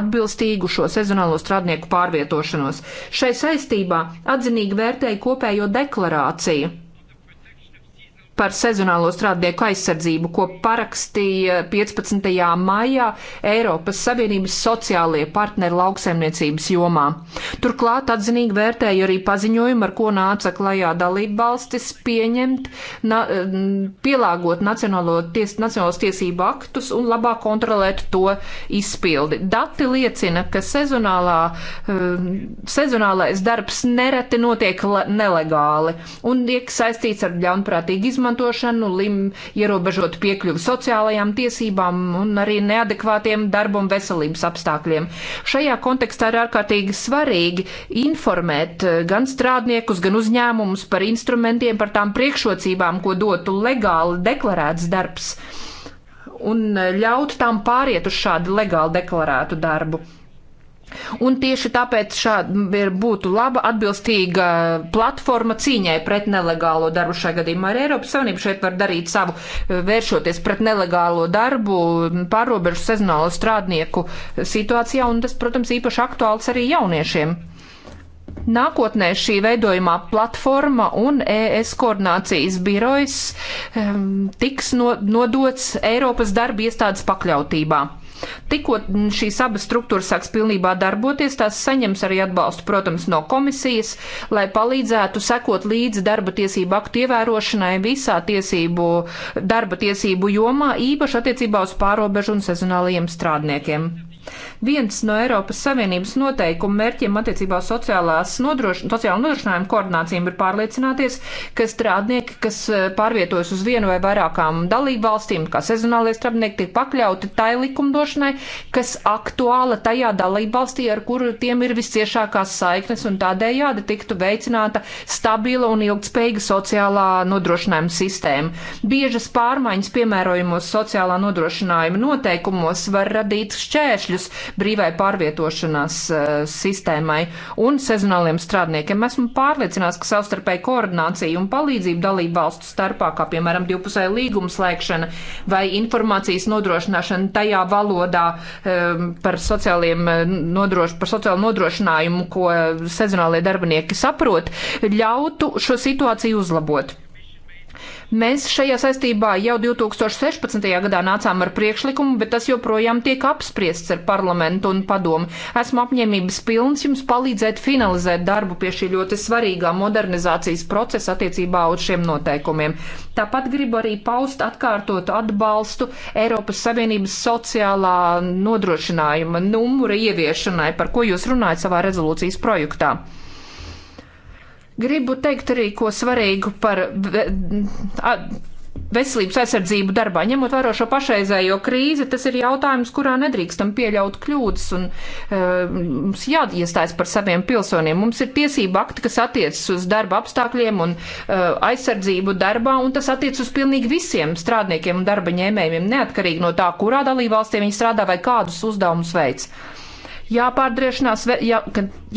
atbilstīgu šo sezonālo strādnieku pārvietošanos. Šai saistībā atzinīgi vērtēja kopējo deklarāciju par sezonālo strādnieku aizsardzību, ko parakstīja 15. maijā Eiropas Savienības sociālie partneri lauksaimniecības jomā. Turklāt atzinīgi vērtēju arī paziņojumu, ar ko nāca klajā dalība valstis pieņemt, na, pielāgot nacionālo ties, nacionālos tiesību aktus un labāk kontrolēt to izpildi. Dati liecina, ka sezonālā, um, sezonālais darbs nereti notiek nelegāli un tiek saistīts ar ļaunprātīgu izmantošanu izmantošanu, lim, ierobežot piekļuvi sociālajām tiesībām un arī neadekvātiem darbu un veselības apstākļiem. Šajā kontekstā ir ārkārtīgi svarīgi informēt eh, gan strādniekus, gan uzņēmumus par instrumentiem, par tām priekšrocībām, ko dotu legāli deklarēts darbs un eh, ļaut tām pāriet uz šādu legāli deklarētu darbu. Un tieši tāpēc šāda būtu laba atbilstīga platforma cīņai pret nelegālo darbu. Šajā gadījumā arī Eiropas Savienība šeit var darīt savu, eh, vēršoties pret nelegālo darbu, pārobežu sezonālo strādnieku situācijā, un tas, protams, īpaši aktuāls arī jauniešiem. Nākotnē šī veidojumā platforma un ES koordinācijas birojs um, tiks no, nodots Eiropas darba iestādes pakļautībā. Tikko šīs abas struktūras sāks pilnībā darboties, tās saņems arī atbalstu, protams, no komisijas, lai palīdzētu sekot līdzi darba tiesību aktu ievērošanai visā tiesību, darba tiesību jomā, īpaši attiecībā uz pārobežu un sezonālajiem strādniekiem. Viens no Eiropas Savienības noteikumu mērķiem attiecībā uz sociālās nodroš sociālo nodrošinājumu koordinācijām ir pārliecināties, ka strādnieki, kas eh, pārvietojas uz vienu vai vairākām dalību valstīm, kā sezonālie strādnieki, tiek pakļauti tai likumdošanai, kas aktuāla tajā dalību valstī, ar kuru tiem ir visciešākās saiknes un tādējādi tiktu veicināta stabila un ilgspējīga sociālā nodrošinājuma sistēma. Biežas pārmaiņas piemērojumos sociālā nodrošinājuma noteikumos var radīt šķēršļus brīvai pārvietošanās eh, sistēmai un sezonāliem strādniekiem. Esmu pārliecināts, ka savstarpēji koordinācija un palīdzība dalību valstu starpā, kā piemēram divpusēja līguma slēgšana vai informācijas nodrošināšana tajā valodā ehm, par, eh, nodroš, par sociālo nodrošinājumu, ko eh, sezonālie darbinieki saprot, ļautu šo situāciju uzlabot. Mēs šajā saistībā jau 2016. gadā nācām ar priekšlikumu, bet tas joprojām tiek apspriests ar parlamentu un padomu. Esmu apņēmības pilns jums palīdzēt finalizēt darbu pie šī ļoti svarīgā modernizācijas procesa attiecībā uz šiem noteikumiem. Tāpat gribu arī paust atkārtot atbalstu Eiropas Savienības sociālā nodrošinājuma numura ieviešanai, par ko jūs runājat savā rezolūcijas projektā. Gribu teikt arī ko svarīgu par veselības aizsardzību darbā. Ņemot vērā šo pašreizējo krīzi, tas ir jautājums, kurā nedrīkstam pieļaut kļūdas un uh, mums jāiestājas par saviem pilsoniem. Mums ir tiesība akti, kas attiecas uz darba apstākļiem un uh, aizsardzību darbā, un tas attiec uz pilnīgi visiem strādniekiem un darba ņēmējiem, neatkarīgi no tā, kurā dalībvalstī viņi strādā vai kādus uzdevumus veids. Uh, jāpārdrošinās, jā,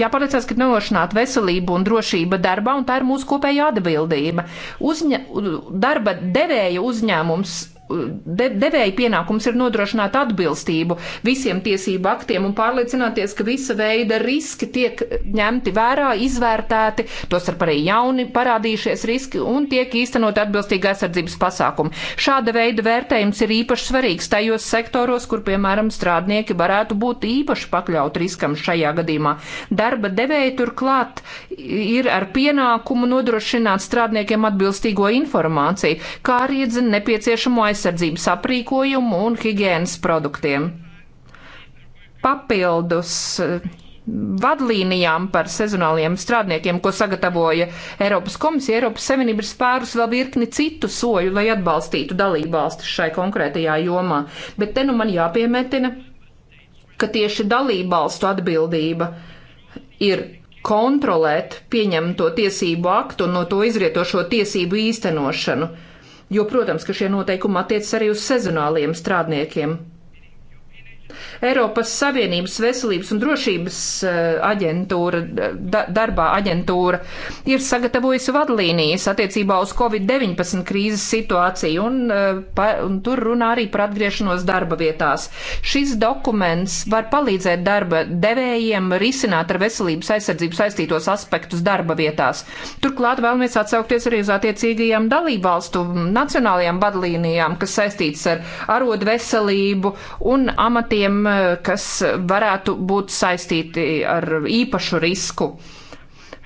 jāpārliecinās, ka nodrošināt veselību un drošība darbā, un tā ir mūsu kopējā atbildība. Uzņa, darba devēja uzņēmums de, devēja pienākums ir nodrošināt atbilstību visiem tiesību aktiem un pārliecināties, ka visa veida riski tiek ņemti vērā, izvērtēti, tostarp arī jauni parādījušies riski un tiek īstenot atbilstīgi aizsardzības pasākumi. Šāda veida vērtējums ir īpaši svarīgs tajos sektoros, kur, piemēram, strādnieki varētu būt īpaši pakļauti riskam šajā gadījumā. Darba devēja turklāt ir ar pienākumu nodrošināt strādniekiem atbilstīgo informāciju, kā arī nepieciešamo aizsardzību aizsardzības aprīkojumu un higiēnas produktiem. Papildus eh, vadlīnijām par sezonāliem strādniekiem, ko sagatavoja Eiropas komisija, Eiropas Savienība ir spērus vēl virkni citu soļu, lai atbalstītu dalībvalstis šai konkrētajā jomā. Bet te nu man jāpiemetina, ka tieši dalībvalstu atbildība ir kontrolēt pieņemto tiesību aktu un no to izrietošo tiesību īstenošanu jo, protams, ka šie noteikumi attiecas arī uz sezonāliem strādniekiem. Eiropas Savienības veselības un drošības eh, aģentūra, da, darbā aģentūra ir sagatavojusi vadlīnijas attiecībā uz Covid-19 krīzes situāciju un, eh, pa, un tur runā arī par atgriešanos darba vietās. Šis dokuments var palīdzēt darba devējiem risināt ar veselības aizsardzību saistītos aspektus darba vietās. Turklāt vēlamies atsaukties arī uz attiecīgajām dalībvalstu nacionālajām vadlīnijām, kas saistīts ar arodu veselību un amatiem produktiem, eh, kas varētu būt saistīti ar īpašu risku. Uh,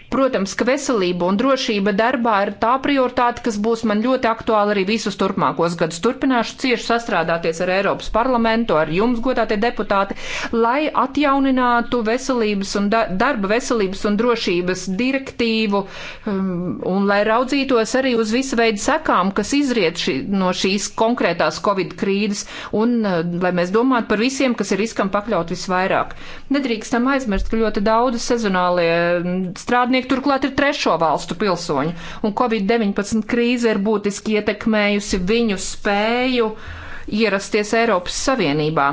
Protams, ka veselība un drošība darbā ir tā prioritāte, kas būs man ļoti aktuāla arī visus turpmākos gadus. Turpināšu cieši sastrādāties ar Eiropas parlamentu, ar jums, godātie deputāti, lai atjauninātu veselības un da darba veselības un drošības direktīvu um, un lai raudzītos arī uz visu veidu sekām, kas izriet ši no šīs konkrētās Covid krīzes un uh, lai mēs domātu par visiem, kas ir riskam pakļaut visvairāk. Nedrīkstam aizmirst, ka ļoti daudz sezonālie mm, strādnieki Dzīvnieki turklāt ir trešo valstu pilsoņi, un Covid-19 krīze ir būtiski ietekmējusi viņu spēju ierasties Eiropas Savienībā.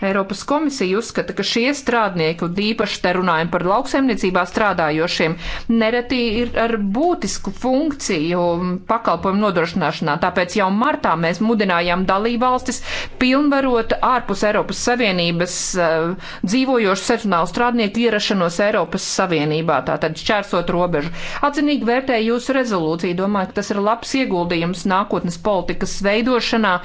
Eiropas komisija uzskata, ka šie strādnieki, un īpaši te runājam par lauksaimniecībā strādājošiem, nereti ir ar būtisku funkciju pakalpojumu nodrošināšanā. Tāpēc jau martā mēs mudinājām dalībvalstis pilnvarot ārpus Eiropas Savienības uh, dzīvojošu sezonālu strādnieku ierašanos Eiropas Savienībā, tātad šķērsot robežu. Atzinīgi vērtēju jūsu rezolūciju, domāju, ka tas ir labs ieguldījums nākotnes politikas veidošanā.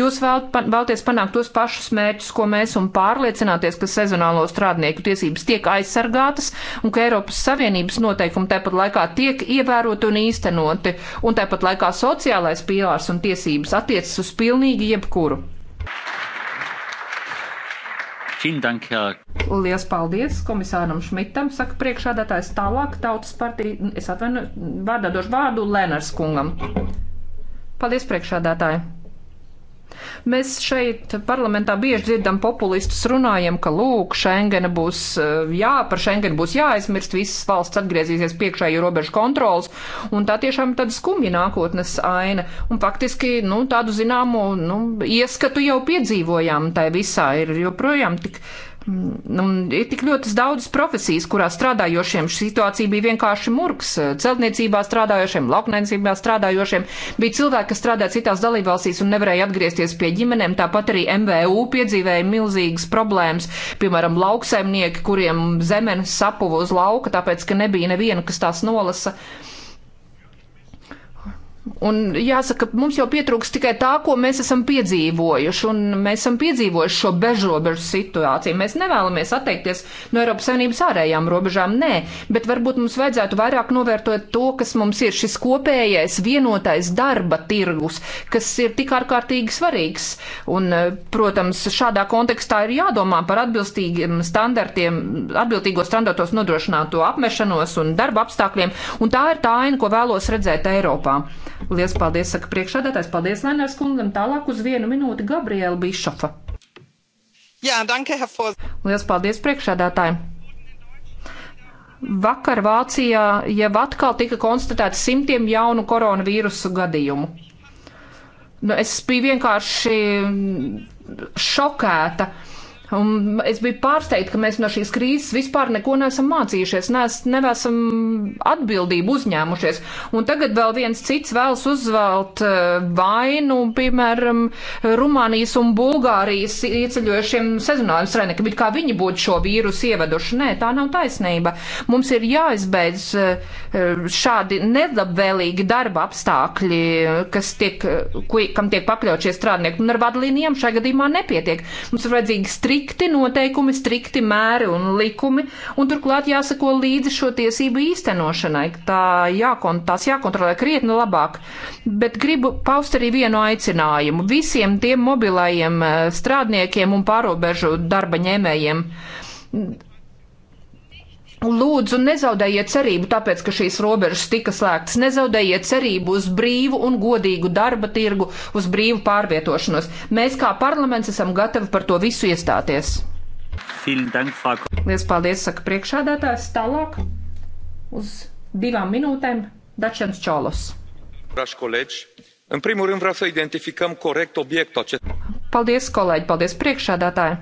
Jūs vēl, vēlties panākt tos pašus mērķus, ko mēs mēs un pārliecināties, ka sezonālo strādnieku tiesības tiek aizsargātas un ka Eiropas Savienības noteikumi tāpat laikā tiek ievēroti un īstenoti, un tāpat laikā sociālais pīlārs un tiesības attiecas uz pilnīgi jebkuru. Lielas paldies komisāram Šmitam, saka priekšādātājs tālāk tautas partija, es atvainu, vārdā došu vārdu Lenars kungam. Paldies priekšādātāji! Mēs šeit parlamentā bieži dzirdam populistus runājam, ka lūk, Schengena būs, eh, jā, par Schengenu būs jāaizmirst, visas valsts atgriezīsies piekšējo robežu kontrols, un tā tiešām ir tāda skumja nākotnes aina, un faktiski, nu, tādu zināmu, nu, ieskatu jau piedzīvojām, tai visā ir joprojām tik Mm, un ir tik ļoti daudzas profesijas, kurās strādājošiem šī situācija bija vienkārši murgs. Celtniecībā strādājošiem, lauknēmniecībā strādājošiem bija cilvēki, kas strādāja citās dalībvalstīs un nevarēja atgriezties pie ģimenēm. Tāpat arī MVU piedzīvēja milzīgas problēmas, piemēram, lauksaimnieki, kuriem zemenes sapuva uz lauka, tāpēc, ka nebija neviena, kas tās nolasa. Uh, Un jāsaka, mums jau pietrūks tikai tā, ko mēs esam piedzīvojuši, un mēs esam piedzīvojuši šo bezrobežu situāciju. Mēs nevēlamies atteikties no Eiropas Savienības ārējām robežām, nē, bet varbūt mums vajadzētu vairāk novērtot to, kas mums ir šis kopējais vienotais darba tirgus, kas ir tik ārkārtīgi svarīgs. Un, eh, protams, šādā kontekstā ir jādomā par atbilstīgiem standartiem, atbilstīgos standartos nodrošināto apmešanos un darba apstākļiem, un tā ir tā aina, ko vēlos redzēt Eiropā. Lielas paldies, saka priekšādātājs. Paldies Lenārs kungam. Tālāk uz vienu minūti Gabriela Bišofa. Jā, danke, Herr Fos. Lielas paldies priekšādātājiem. Vakar Vācijā jau atkal tika konstatēti simtiem jaunu koronavīrusu gadījumu. Nu, es biju vienkārši šokēta. Uh, Un es biju pārsteigta, ka mēs no šīs krīzes vispār neko neesam mācījušies, nees, neesam atbildību uzņēmušies. Un tagad vēl viens cits vēlas uzvelt eh, vainu, piemēram, Rumānijas un Bulgārijas ieceļojušiem sezonāliem strēniem, kā viņi būtu šo vīrusu ieveduši. Nē, tā nav taisnība. Mums ir jāizbeidz eh, šādi nelabvēlīgi darba apstākļi, kas tiek, eh, kam tiek pakļaut šie strādnieki. Un ar vadlīnijām šajā gadījumā nepietiek. Mums ir vajadzīgi strīdīgi strikti noteikumi, strikti mēri un likumi, un turklāt jāsako līdzi šo tiesību īstenošanai. Tā jākon, tās jākontrolē krietni labāk. Bet gribu paust arī vienu aicinājumu visiem tiem mobilajiem eh, strādniekiem un pārobežu darba ņēmējiem Lūdzu, nezaudējiet cerību, tāpēc, ka šīs robežas tika slēgtas. Nezaudējiet cerību uz brīvu un godīgu darba tirgu, uz brīvu pārvietošanos. Mēs kā parlaments esam gatavi par to visu iestāties. Lielas paldies, saka priekšādātājs. Tālāk uz divām minūtēm Dačens Čolos. Dragi kolēģi, în primul rând vreau să identificăm corect obiectul acest. Paldies, kolēģi, paldies priekšādātāji.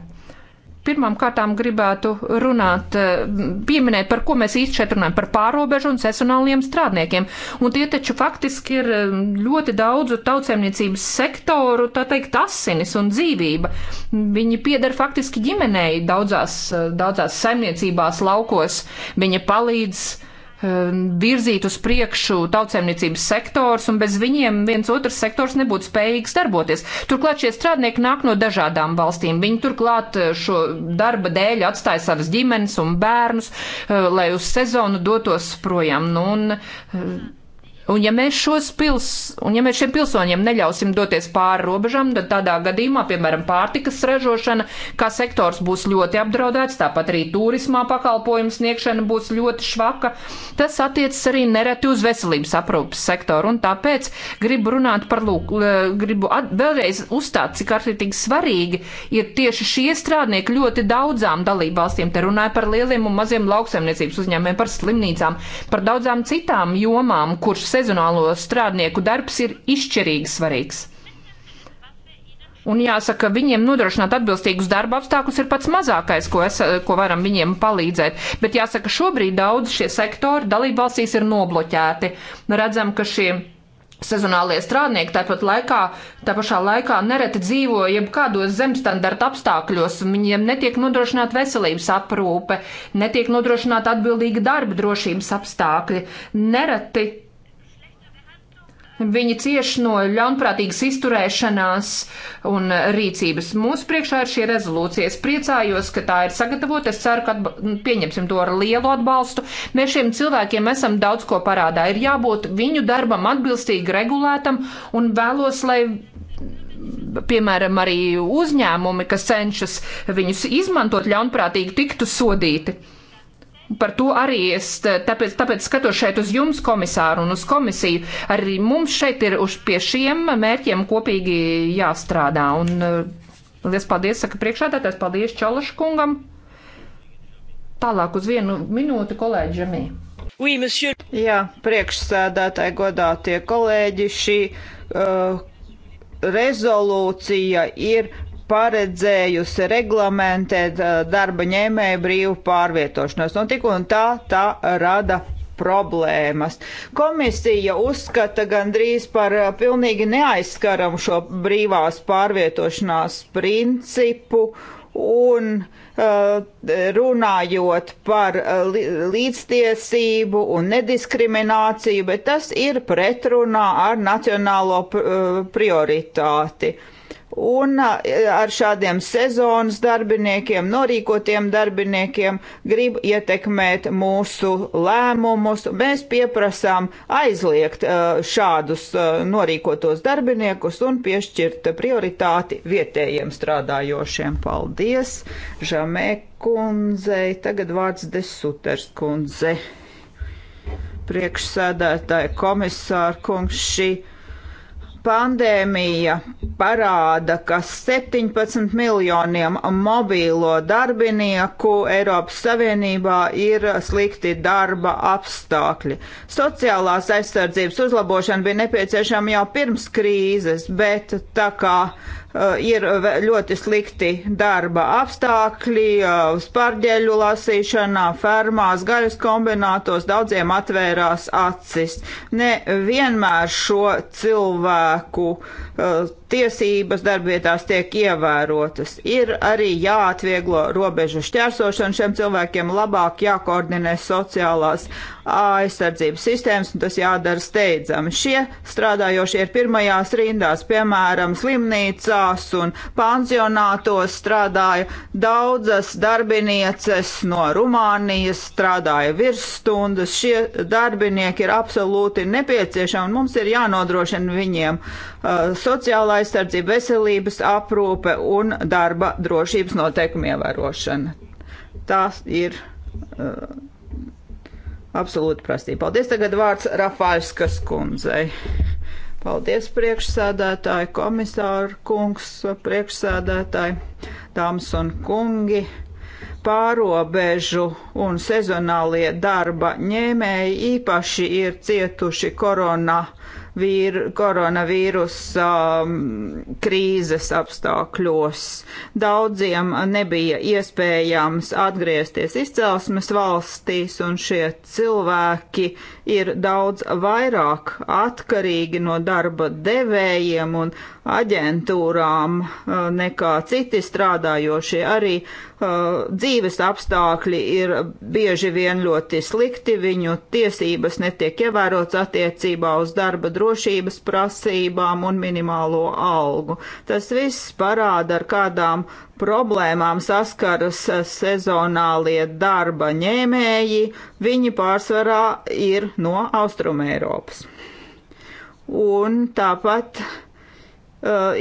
Pirmām kārtām gribētu runāt, eh, pieminēt, par ko mēs īsti šeit runājam, par pārobežu un sezonāliem strādniekiem. Un tie taču faktiski ir eh, ļoti daudzu tautsēmniecības sektoru, tā teikt, asinis un dzīvība. Viņi pieder faktiski ģimenei daudzās, eh, daudzās saimniecībās, laukos. Viņa palīdz uh, Um, virzīt uz priekšu tautsēmniecības sektors, un bez viņiem viens otrs sektors nebūtu spējīgs darboties. Turklāt šie strādnieki nāk no dažādām valstīm. Viņi turklāt uh, šo darba dēļ atstāja savas ģimenes un bērnus, uh, lai uz sezonu dotos projām. Nu, un, uh, Un ja mēs šos pils, un ja mēs šiem pilsoņiem neļausim doties pāri robežām, tad tādā gadījumā, piemēram, pārtikas ražošana, kā sektors būs ļoti apdraudēts, tāpat arī turismā pakalpojums sniegšana būs ļoti švaka. Tas attiecas arī nereti uz veselības aprūpas sektoru, un tāpēc gribu runāt par lūk, gribu at, vēlreiz uzstāt, cik ārkārtīgi svarīgi ir tieši šie strādnieki ļoti daudzām dalībvalstīm. Te runāja par lieliem un maziem lauksaimniecības uzņēmumiem, par slimnīcām, par daudzām citām jomām, kurš sezonālo strādnieku darbs ir izšķirīgi svarīgs. Un jāsaka, viņiem nodrošināt atbilstīgus darba apstākļus ir pats mazākais, ko, es, ko varam viņiem palīdzēt. Bet jāsaka, šobrīd daudz šie sektori dalībvalstīs ir nobloķēti. Redzam, ka šie sezonālie strādnieki tāpat laikā, tā pašā laikā nereti dzīvo jebkādos zemstandarta apstākļos, viņiem netiek nodrošināta veselības aprūpe, netiek nodrošināta atbildīga darba drošības apstākļi. Nereti Viņi cieš no ļaunprātīgas izturēšanās un rīcības. Mūsu priekšā ir šī rezolūcija. Es priecājos, ka tā ir sagatavota. Es ceru, ka nu, pieņemsim to ar lielu atbalstu. Mēs šiem cilvēkiem esam daudz ko parādā. Ir jābūt viņu darbam atbilstīgi regulētam un vēlos, lai piemēram, arī uzņēmumi, kas cenšas viņus izmantot ļaunprātīgi, tiktu sodīti. Par to arī es tāpēc, tāpēc skatos šeit uz jums, komisāru, un uz komisiju. Arī mums šeit ir uz pie šiem mērķiem kopīgi jāstrādā. Un, eh, liels paldies, saka priekšādātājs, paldies Čalašu kungam. Tālāk uz vienu minūti kolēģi Žemī. Oui, monsieur. Jā, priekšsēdētāji godātie kolēģi, šī uh, rezolūcija ir paredzējusi reglamentēt eh, darba ņēmēju brīvu pārvietošanos. Un nu, tik un tā, tā rada problēmas. Komisija uzskata gandrīz par eh, pilnīgi neaizskaramu šo brīvās pārvietošanās principu un eh, runājot par līdztiesību un nediskrimināciju, bet tas ir pretrunā ar nacionālo prioritāti un ar šādiem sezonas darbiniekiem, norīkotiem darbiniekiem grib ietekmēt mūsu lēmumus. Mēs pieprasām aizliegt šādus norīkotos darbiniekus un piešķirt prioritāti vietējiem strādājošiem. Paldies, Žamē kundzei. Tagad vārds Desuters kundzei. Priekšsēdētāja komisāra kungs šī Pandēmija parāda, ka 17 miljoniem mobīlo darbinieku Eiropas Savienībā ir slikti darba apstākļi. Sociālās aizsardzības uzlabošana bija nepieciešama jau pirms krīzes, bet tā kā uh, Eh, ir ļoti slikti darba apstākļi, eh, spārģeļu lasīšanā, fermās, gaļas kombinātos, daudziem atvērās acis. Ne vienmēr šo cilvēku uh, tiesības darbvietās tiek ievērotas. Ir arī jāatvieglo robežu šķērsošanu šiem cilvēkiem, labāk jākoordinē sociālās aizsardzības sistēmas, un tas jādara steidzami. Šie strādājošie ir pirmajās rindās, piemēram, slimnīcās un pansionātos strādāja daudzas darbinieces no Rumānijas, strādāja virsstundas. Šie darbinieki ir absolūti nepieciešami, un mums ir jānodrošina viņiem uh, sociālā sociālā aizsardzība, veselības aprūpe un darba drošības noteikumu ievērošana. Tas ir uh, absolūti prastība. Paldies. Tagad vārds Rafalskas kundzei. Paldies, priekšsēdētāji, komisāru kungs, priekšsēdētāji, dāmas un kungi. Pārobežu un sezonālie darba ņēmēji īpaši ir cietuši koronā vīr, koronavīrusa um, krīzes apstākļos. Daudziem nebija iespējams atgriezties izcelsmes valstīs, un šie cilvēki ir daudz vairāk atkarīgi no darba devējiem un aģentūrām uh, nekā citi strādājošie. Arī Uh, dzīves apstākļi ir bieži vien ļoti slikti, viņu tiesības netiek ievērots attiecībā uz darba drošības prasībām un minimālo algu. Tas viss parāda, ar kādām problēmām saskaras sezonālie darba ņēmēji, viņi pārsvarā ir no Austrumēropas. Un tāpat uh, Uh,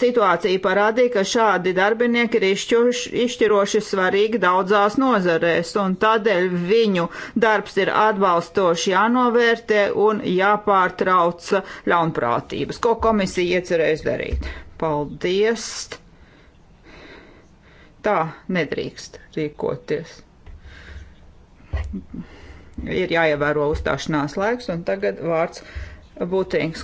situācija parādīja, ka šādi darbinieki ir izšķiroši, izšķiroši svarīgi daudzās nozarēs, un tādēļ viņu darbs ir atbalstoši jānovērtē un jāpārtrauc ļaunprātības. Ko komisija iecerēs darīt? Paldies! Tā nedrīkst rīkoties. Ir jāievēro uzstāšanās laiks, un tagad vārds Būtīgs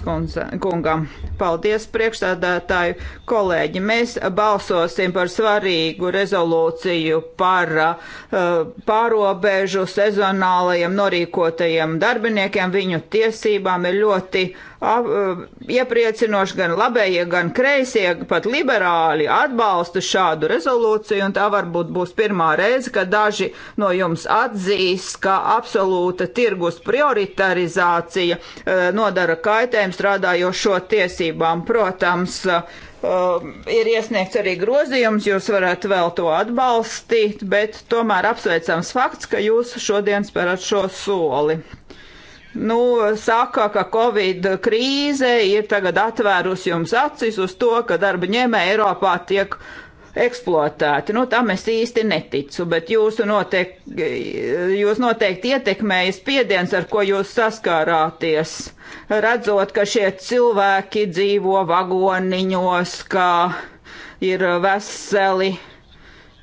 kungam. Paldies priekšstādātāju kolēģi. Mēs balsosim par svarīgu rezolūciju par uh, pārobežu sezonālajiem norīkotajiem darbiniekiem. Viņu tiesībām ir ļoti uh, E, iepriecinoši gan labējie, gan kreisie, pat liberāļi atbalsta šādu rezolūciju, un tā varbūt būs pirmā reize, ka daži no jums atzīs, ka absolūta tirgus prioritarizācija e, nodara kaitējumu strādājošo tiesībām. Protams, Uh, ir iesniegts arī grozījums, jūs varat vēl to atbalstīt, bet tomēr apsveicams fakts, ka jūs šodien spērat šo soli. Uh, nu, saka, ka Covid krīze ir tagad atvērusi jums acis uz to, ka darba ņēmē Eiropā tiek eksploatēti. Nu, tam es īsti neticu, bet jūsu notiek, jūs noteikti ietekmējas spiediens, ar ko jūs saskārāties, redzot, ka šie cilvēki dzīvo vagoniņos, ka ir veseli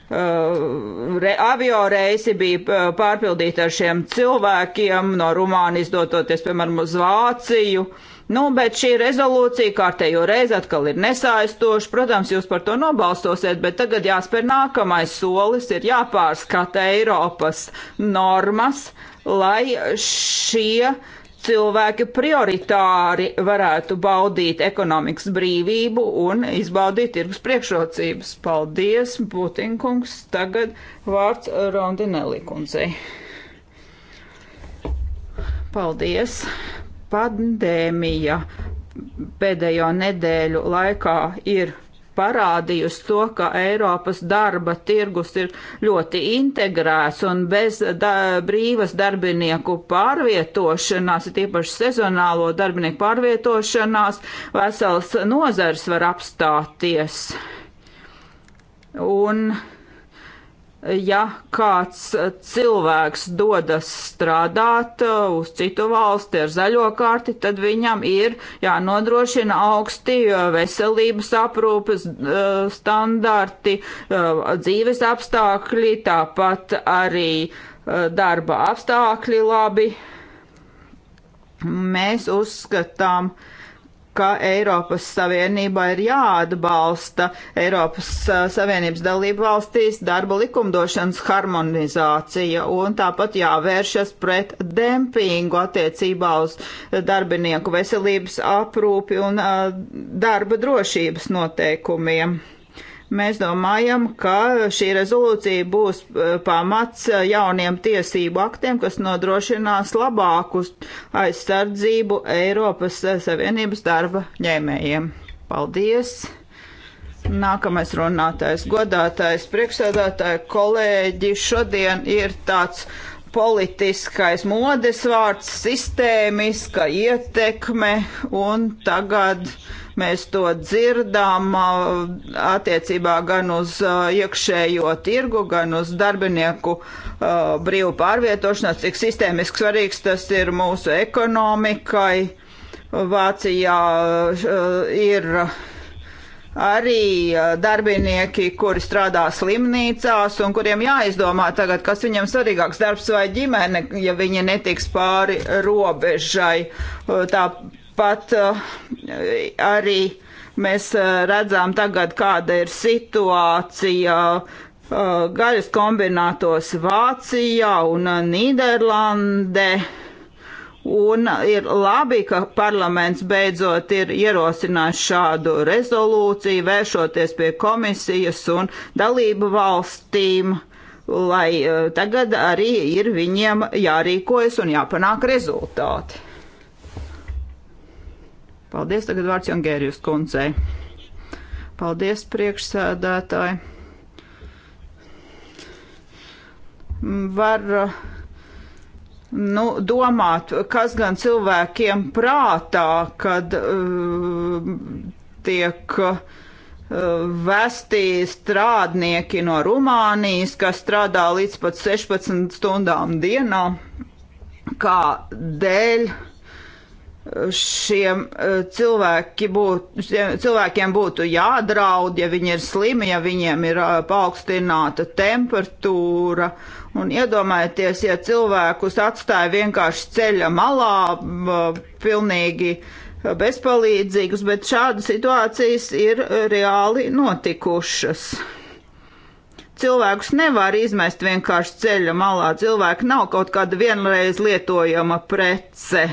Uh, re, avio reisi bija uh, pārpildīti ar šiem cilvēkiem no Rumānijas dototies, piemēram, uz Vāciju. Nu, bet šī rezolūcija kārtējo reizi atkal ir nesaistoša. Protams, jūs par to nobalstosiet, bet tagad jāspēr nākamais solis, ir jāpārskata Eiropas normas, lai šie uh, cilvēki prioritāri varētu baudīt ekonomikas brīvību un izbaudīt tirgus priekšrocības. Paldies, Putinkungs. Tagad vārds Rondinelli kundzei. Paldies. Pandēmija pēdējo nedēļu laikā ir parādījusi to, ka Eiropas darba tirgus ir ļoti integrēts un bez da brīvas darbinieku pārvietošanās, tīpaši sezonālo darbinieku pārvietošanās, vesels nozars var apstāties. Un ja kāds cilvēks dodas strādāt uh, uz citu valsti ar zaļo karti, tad viņam ir jānodrošina augsti uh, veselības aprūpes uh, standarti, dzīves apstākļi, tāpat arī darba apstākļi labi. Mēs uzskatām, ka ka Eiropas Savienībā ir jāatbalsta Eiropas uh, Savienības dalību valstīs darba likumdošanas harmonizācija un tāpat jāvēršas pret dempingu attiecībā uz darbinieku veselības aprūpi un uh, darba drošības noteikumiem. Mēs domājam, ka šī rezolūcija būs e, pamats e, jauniem tiesību aktiem, kas nodrošinās labāku aizsardzību Eiropas e, Savienības darba ņēmējiem. Paldies! Nākamais runātājs, godātājs, priekšsēdētāji, kolēģi, šodien ir tāds politiskais modes vārds, sistēmiska ietekme, un tagad mēs to dzirdām uh, attiecībā gan uz uh, iekšējo tirgu, gan uz darbinieku uh, brīvu pārvietošanos, cik sistēmiski svarīgs tas ir mūsu ekonomikai. Vācijā ir arī darbinieki, kuri strādā slimnīcās un kuriem jāizdomā tagad, kas viņam svarīgāks darbs vai ģimene, ja viņi netiks pāri robežai. Tāpat arī mēs redzam tagad, kāda ir situācija gaļas kombinātos Vācijā un Nīderlandē Un ir labi, ka parlaments beidzot ir ierosinājis šādu rezolūciju, vēršoties pie komisijas un dalību valstīm, lai e, tagad arī ir viņiem jārīkojas un jāpanāk rezultāti. Paldies, tagad vārds Jangērijus kundzei. Paldies, priekšsēdētāji. Var. Uh, nu, domāt, kas gan cilvēkiem prātā, kad uh, tiek uh, vesti strādnieki no Rumānijas, kas strādā līdz pat 16 stundām dienā, kā dēļ uh, šiem uh, cilvēki būtu, cilvēkiem būtu jādraud, ja viņi ir slimi, ja viņiem ir uh, paaugstināta temperatūra Un iedomājieties, ja cilvēkus atstāja vienkārši ceļa malā, pilnīgi bezpalīdzīgus, bet šādas situācijas ir reāli notikušas cilvēkus nevar izmest vienkārši ceļa malā. Cilvēki nav kaut kāda vienreiz lietojama prece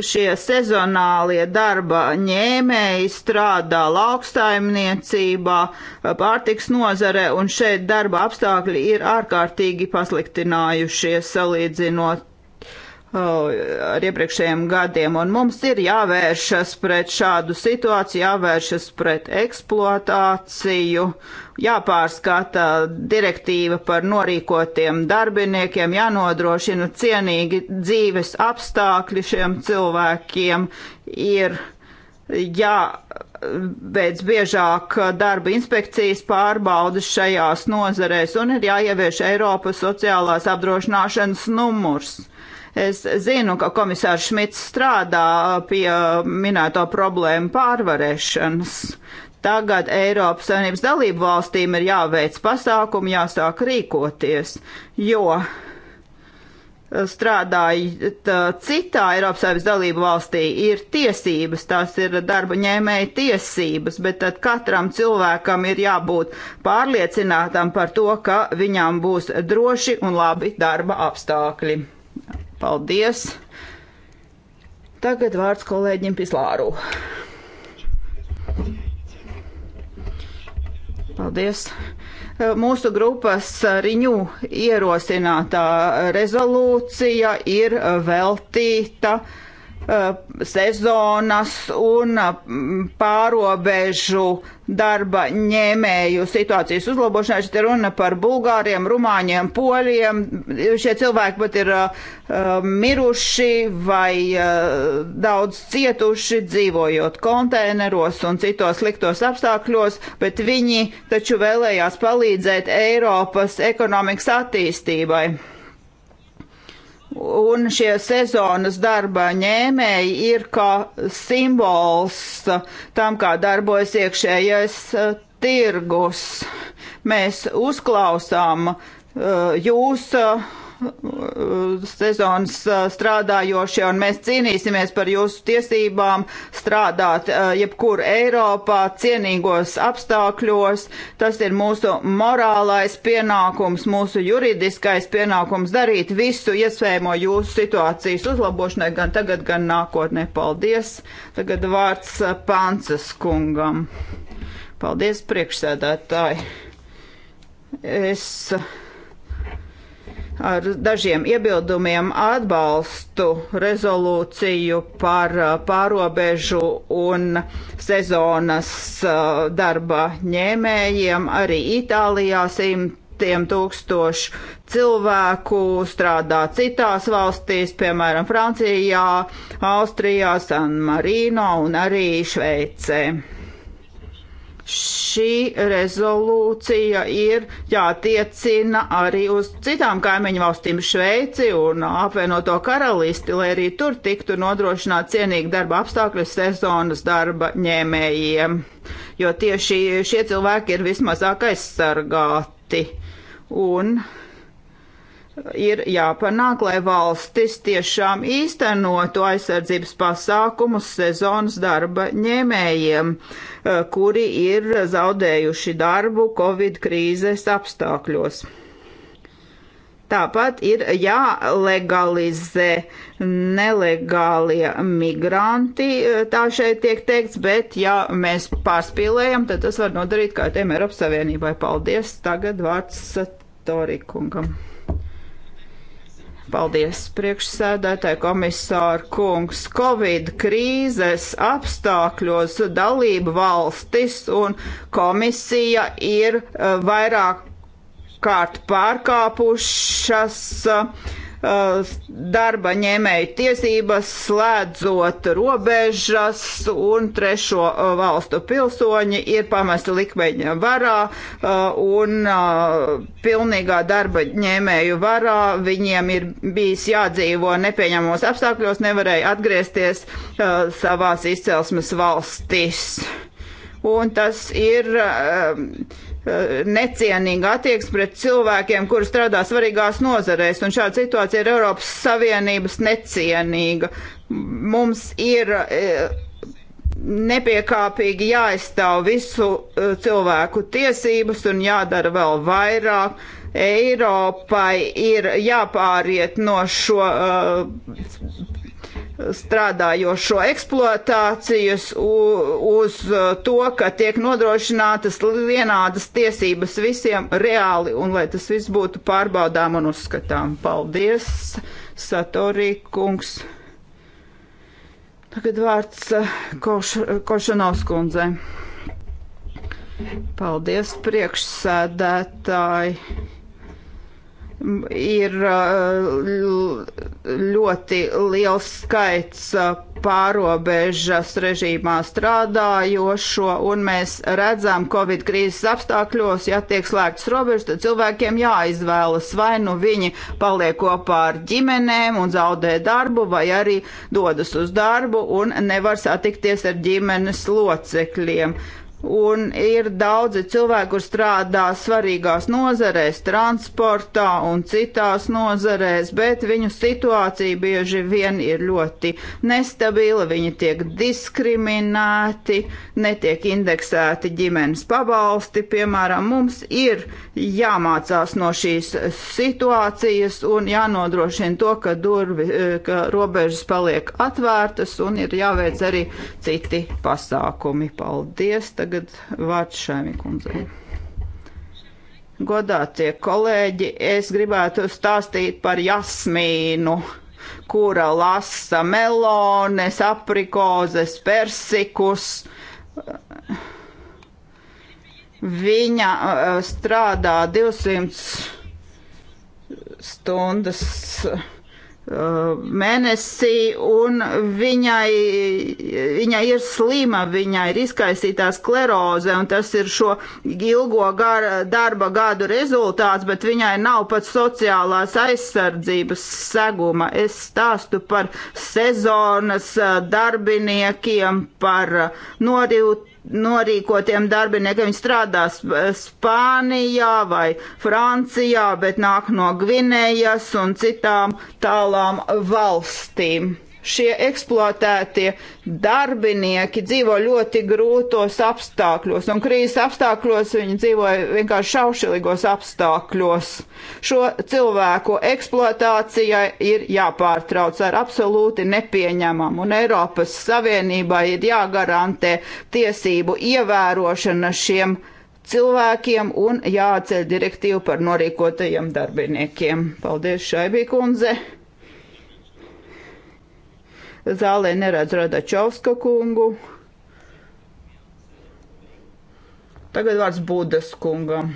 šie sezonālie darba ņēmēji strādā lauksaimniecībā, pārtiks nozare, un šeit darba apstākļi ir ārkārtīgi pasliktinājušies salīdzinot Uh, ar iepriekšējiem gadiem, un mums ir jāvēršas pret šādu situāciju, jāvēršas pret eksploatāciju, jāpārskata direktīva par norīkotiem darbiniekiem, jānodrošina cienīgi dzīves apstākļi šiem cilvēkiem, ir jāveic biežāk darba inspekcijas pārbaudas šajās nozarēs, un ir jāievieš Eiropas sociālās apdrošināšanas numurs Es zinu, ka komisārs Šmits strādā pie minēto problēmu pārvarēšanas. Tagad Eiropas Savienības dalību valstīm ir jāveic pasākumi, jāsāk rīkoties, jo strādājot uh, citā Eiropas Savienības dalību valstī, ir tiesības, tās ir darba ņēmēja tiesības, bet tad katram cilvēkam ir jābūt pārliecinātam par to, ka viņam būs droši un labi darba apstākļi. Paldies! Tagad vārds kolēģim Pislāru. Paldies! Mūsu grupas riņu ierosinātā rezolūcija ir veltīta uh, Eh, sezonas un eh, pārobežu darba ņēmēju situācijas uzlabošanai. Šeit ir runa par bulgāriem, rumāņiem, poļiem. Šie cilvēki pat ir uh, miruši vai uh, daudz cietuši, dzīvojot konteineros un citos sliktos apstākļos, bet viņi taču vēlējās palīdzēt Eiropas ekonomikas attīstībai Un šie sezonas darba ņēmēji ir kā simbols tam, kā darbojas iekšējais eh, tirgus. Mēs uzklausām eh, jūs eh, Uh, sezonas uh, strādājošie, un mēs cīnīsimies par jūsu tiesībām strādāt uh, jebkur Eiropā, cienīgos apstākļos. Tas ir mūsu morālais pienākums, mūsu juridiskais pienākums darīt visu iespējamo jūsu situācijas uzlabošanai gan tagad, gan nākotnē. Paldies! Tagad vārds Pancas kungam. Paldies, priekšsēdētāji! Es. Uh, ar dažiem iebildumiem atbalstu rezolūciju par uh, pārobežu un sezonas uh, darba ņēmējiem. Arī Itālijā simtiem tūkstošu cilvēku strādā citās valstīs, piemēram, Francijā, Austrijā, San Marino un arī Šveicē šī rezolūcija ir jātiecina arī uz citām kaimiņu valstīm - Šveici un apvienoto karalisti, lai arī tur tiktu nodrošināt cienīgi darba apstākļi sezonas darba ņēmējiem, jo tieši šie cilvēki ir vismazāk aizsargāti. Un uh, ir jāpanāk, lai valstis tiešām īstenotu aizsardzības pasākumus sezonas darba ņēmējiem, eh, kuri ir zaudējuši darbu Covid krīzes apstākļos. Tāpat ir jālegalizē nelegālie migranti, eh, tā šeit tiek teikts, bet ja mēs pārspīlējam, tad tas var nodarīt kaitējumu Eiropas Savienībai. Paldies! Tagad vārds Torikungam. Paldies, priekšsēdētāji komisāri kungs. Covid krīzes apstākļos dalību valstis un komisija ir eh, vairāk kārt pārkāpušas uh, Uh, darba ņēmēju tiesības, slēdzot robežas un trešo uh, valstu pilsoņi ir pamesti likmeņa varā uh, un pilnīgā darba ņēmēju varā. Viņiem ir bijis jādzīvo nepieņemos apstākļos, nevarēja atgriezties savās izcelsmes valstīs. Un tas ir uh, Eh, necienīga attieksme pret cilvēkiem, kuri strādā svarīgās nozarēs, un šāda situācija ir Eiropas Savienības necienīga. Mums ir eh, nepiekāpīgi jāaizstāv visu eh, cilvēku tiesības un jādara vēl vairāk. Eiropai ir jāpāriet no šo uh, strādājošo eksploatācijas uz uh, to, ka tiek nodrošinātas vienādas tiesības visiem reāli un lai tas viss būtu pārbaudām un uzskatām. Paldies, Satorī kungs. Tagad vārds uh, Koš, Košanovs kundzei. Paldies, priekšsēdētāji ir uh, ļoti liels skaits uh, pārobežas režīmā strādājošo, un mēs redzam Covid krīzes apstākļos, ja tiek slēgts robežas, tad cilvēkiem jāizvēlas vai nu viņi paliek kopā ar ģimenēm un zaudē darbu, vai arī dodas uz darbu un nevar satikties ar ģimenes locekļiem. Un ir daudzi cilvēki, kur strādā svarīgās nozarēs, transportā un citās nozarēs, bet viņu situācija bieži vien ir ļoti nestabila, viņi tiek diskriminēti, netiek indeksēti ģimenes pabalsti. Piemēram, mums ir jāmācās no šīs situācijas un jānodrošina to, ka, durvi, ka robežas paliek atvērtas un ir jāveic arī citi pasākumi. Paldies! Tagad tagad vārds šaimi kundzei. Godātie kolēģi, es gribētu stāstīt par jasmīnu, kura lasa melones, aprikozes, persikus. Viņa eh, strādā 200 stundas mēnesī, un viņai, viņai ir slima, viņai ir izkaisītā skleroze, un tas ir šo ilgo gar, darba gadu rezultāts, bet viņai nav pat sociālās aizsardzības seguma. Es stāstu par sezonas darbiniekiem, par norjūt norīkotiem darbiniekiem. Viņi strādā Spānijā vai Francijā, bet nāk no Gvinējas un citām tālām valstīm šie eksploatētie darbinieki dzīvo ļoti grūtos apstākļos, un krīzes apstākļos viņi dzīvoja vienkārši šaušilīgos apstākļos. Šo cilvēku eksploatācija ir jāpārtrauc ar absolūti nepieņemamu, un Eiropas Savienībai ir jāgarantē tiesību ievērošana šiem cilvēkiem un jāatceļ direktīvu par norīkotajiem darbiniekiem. Paldies, Šaibī kundze! Zālē neredz Radačovska kungu. Tagad vārds Budas kungam.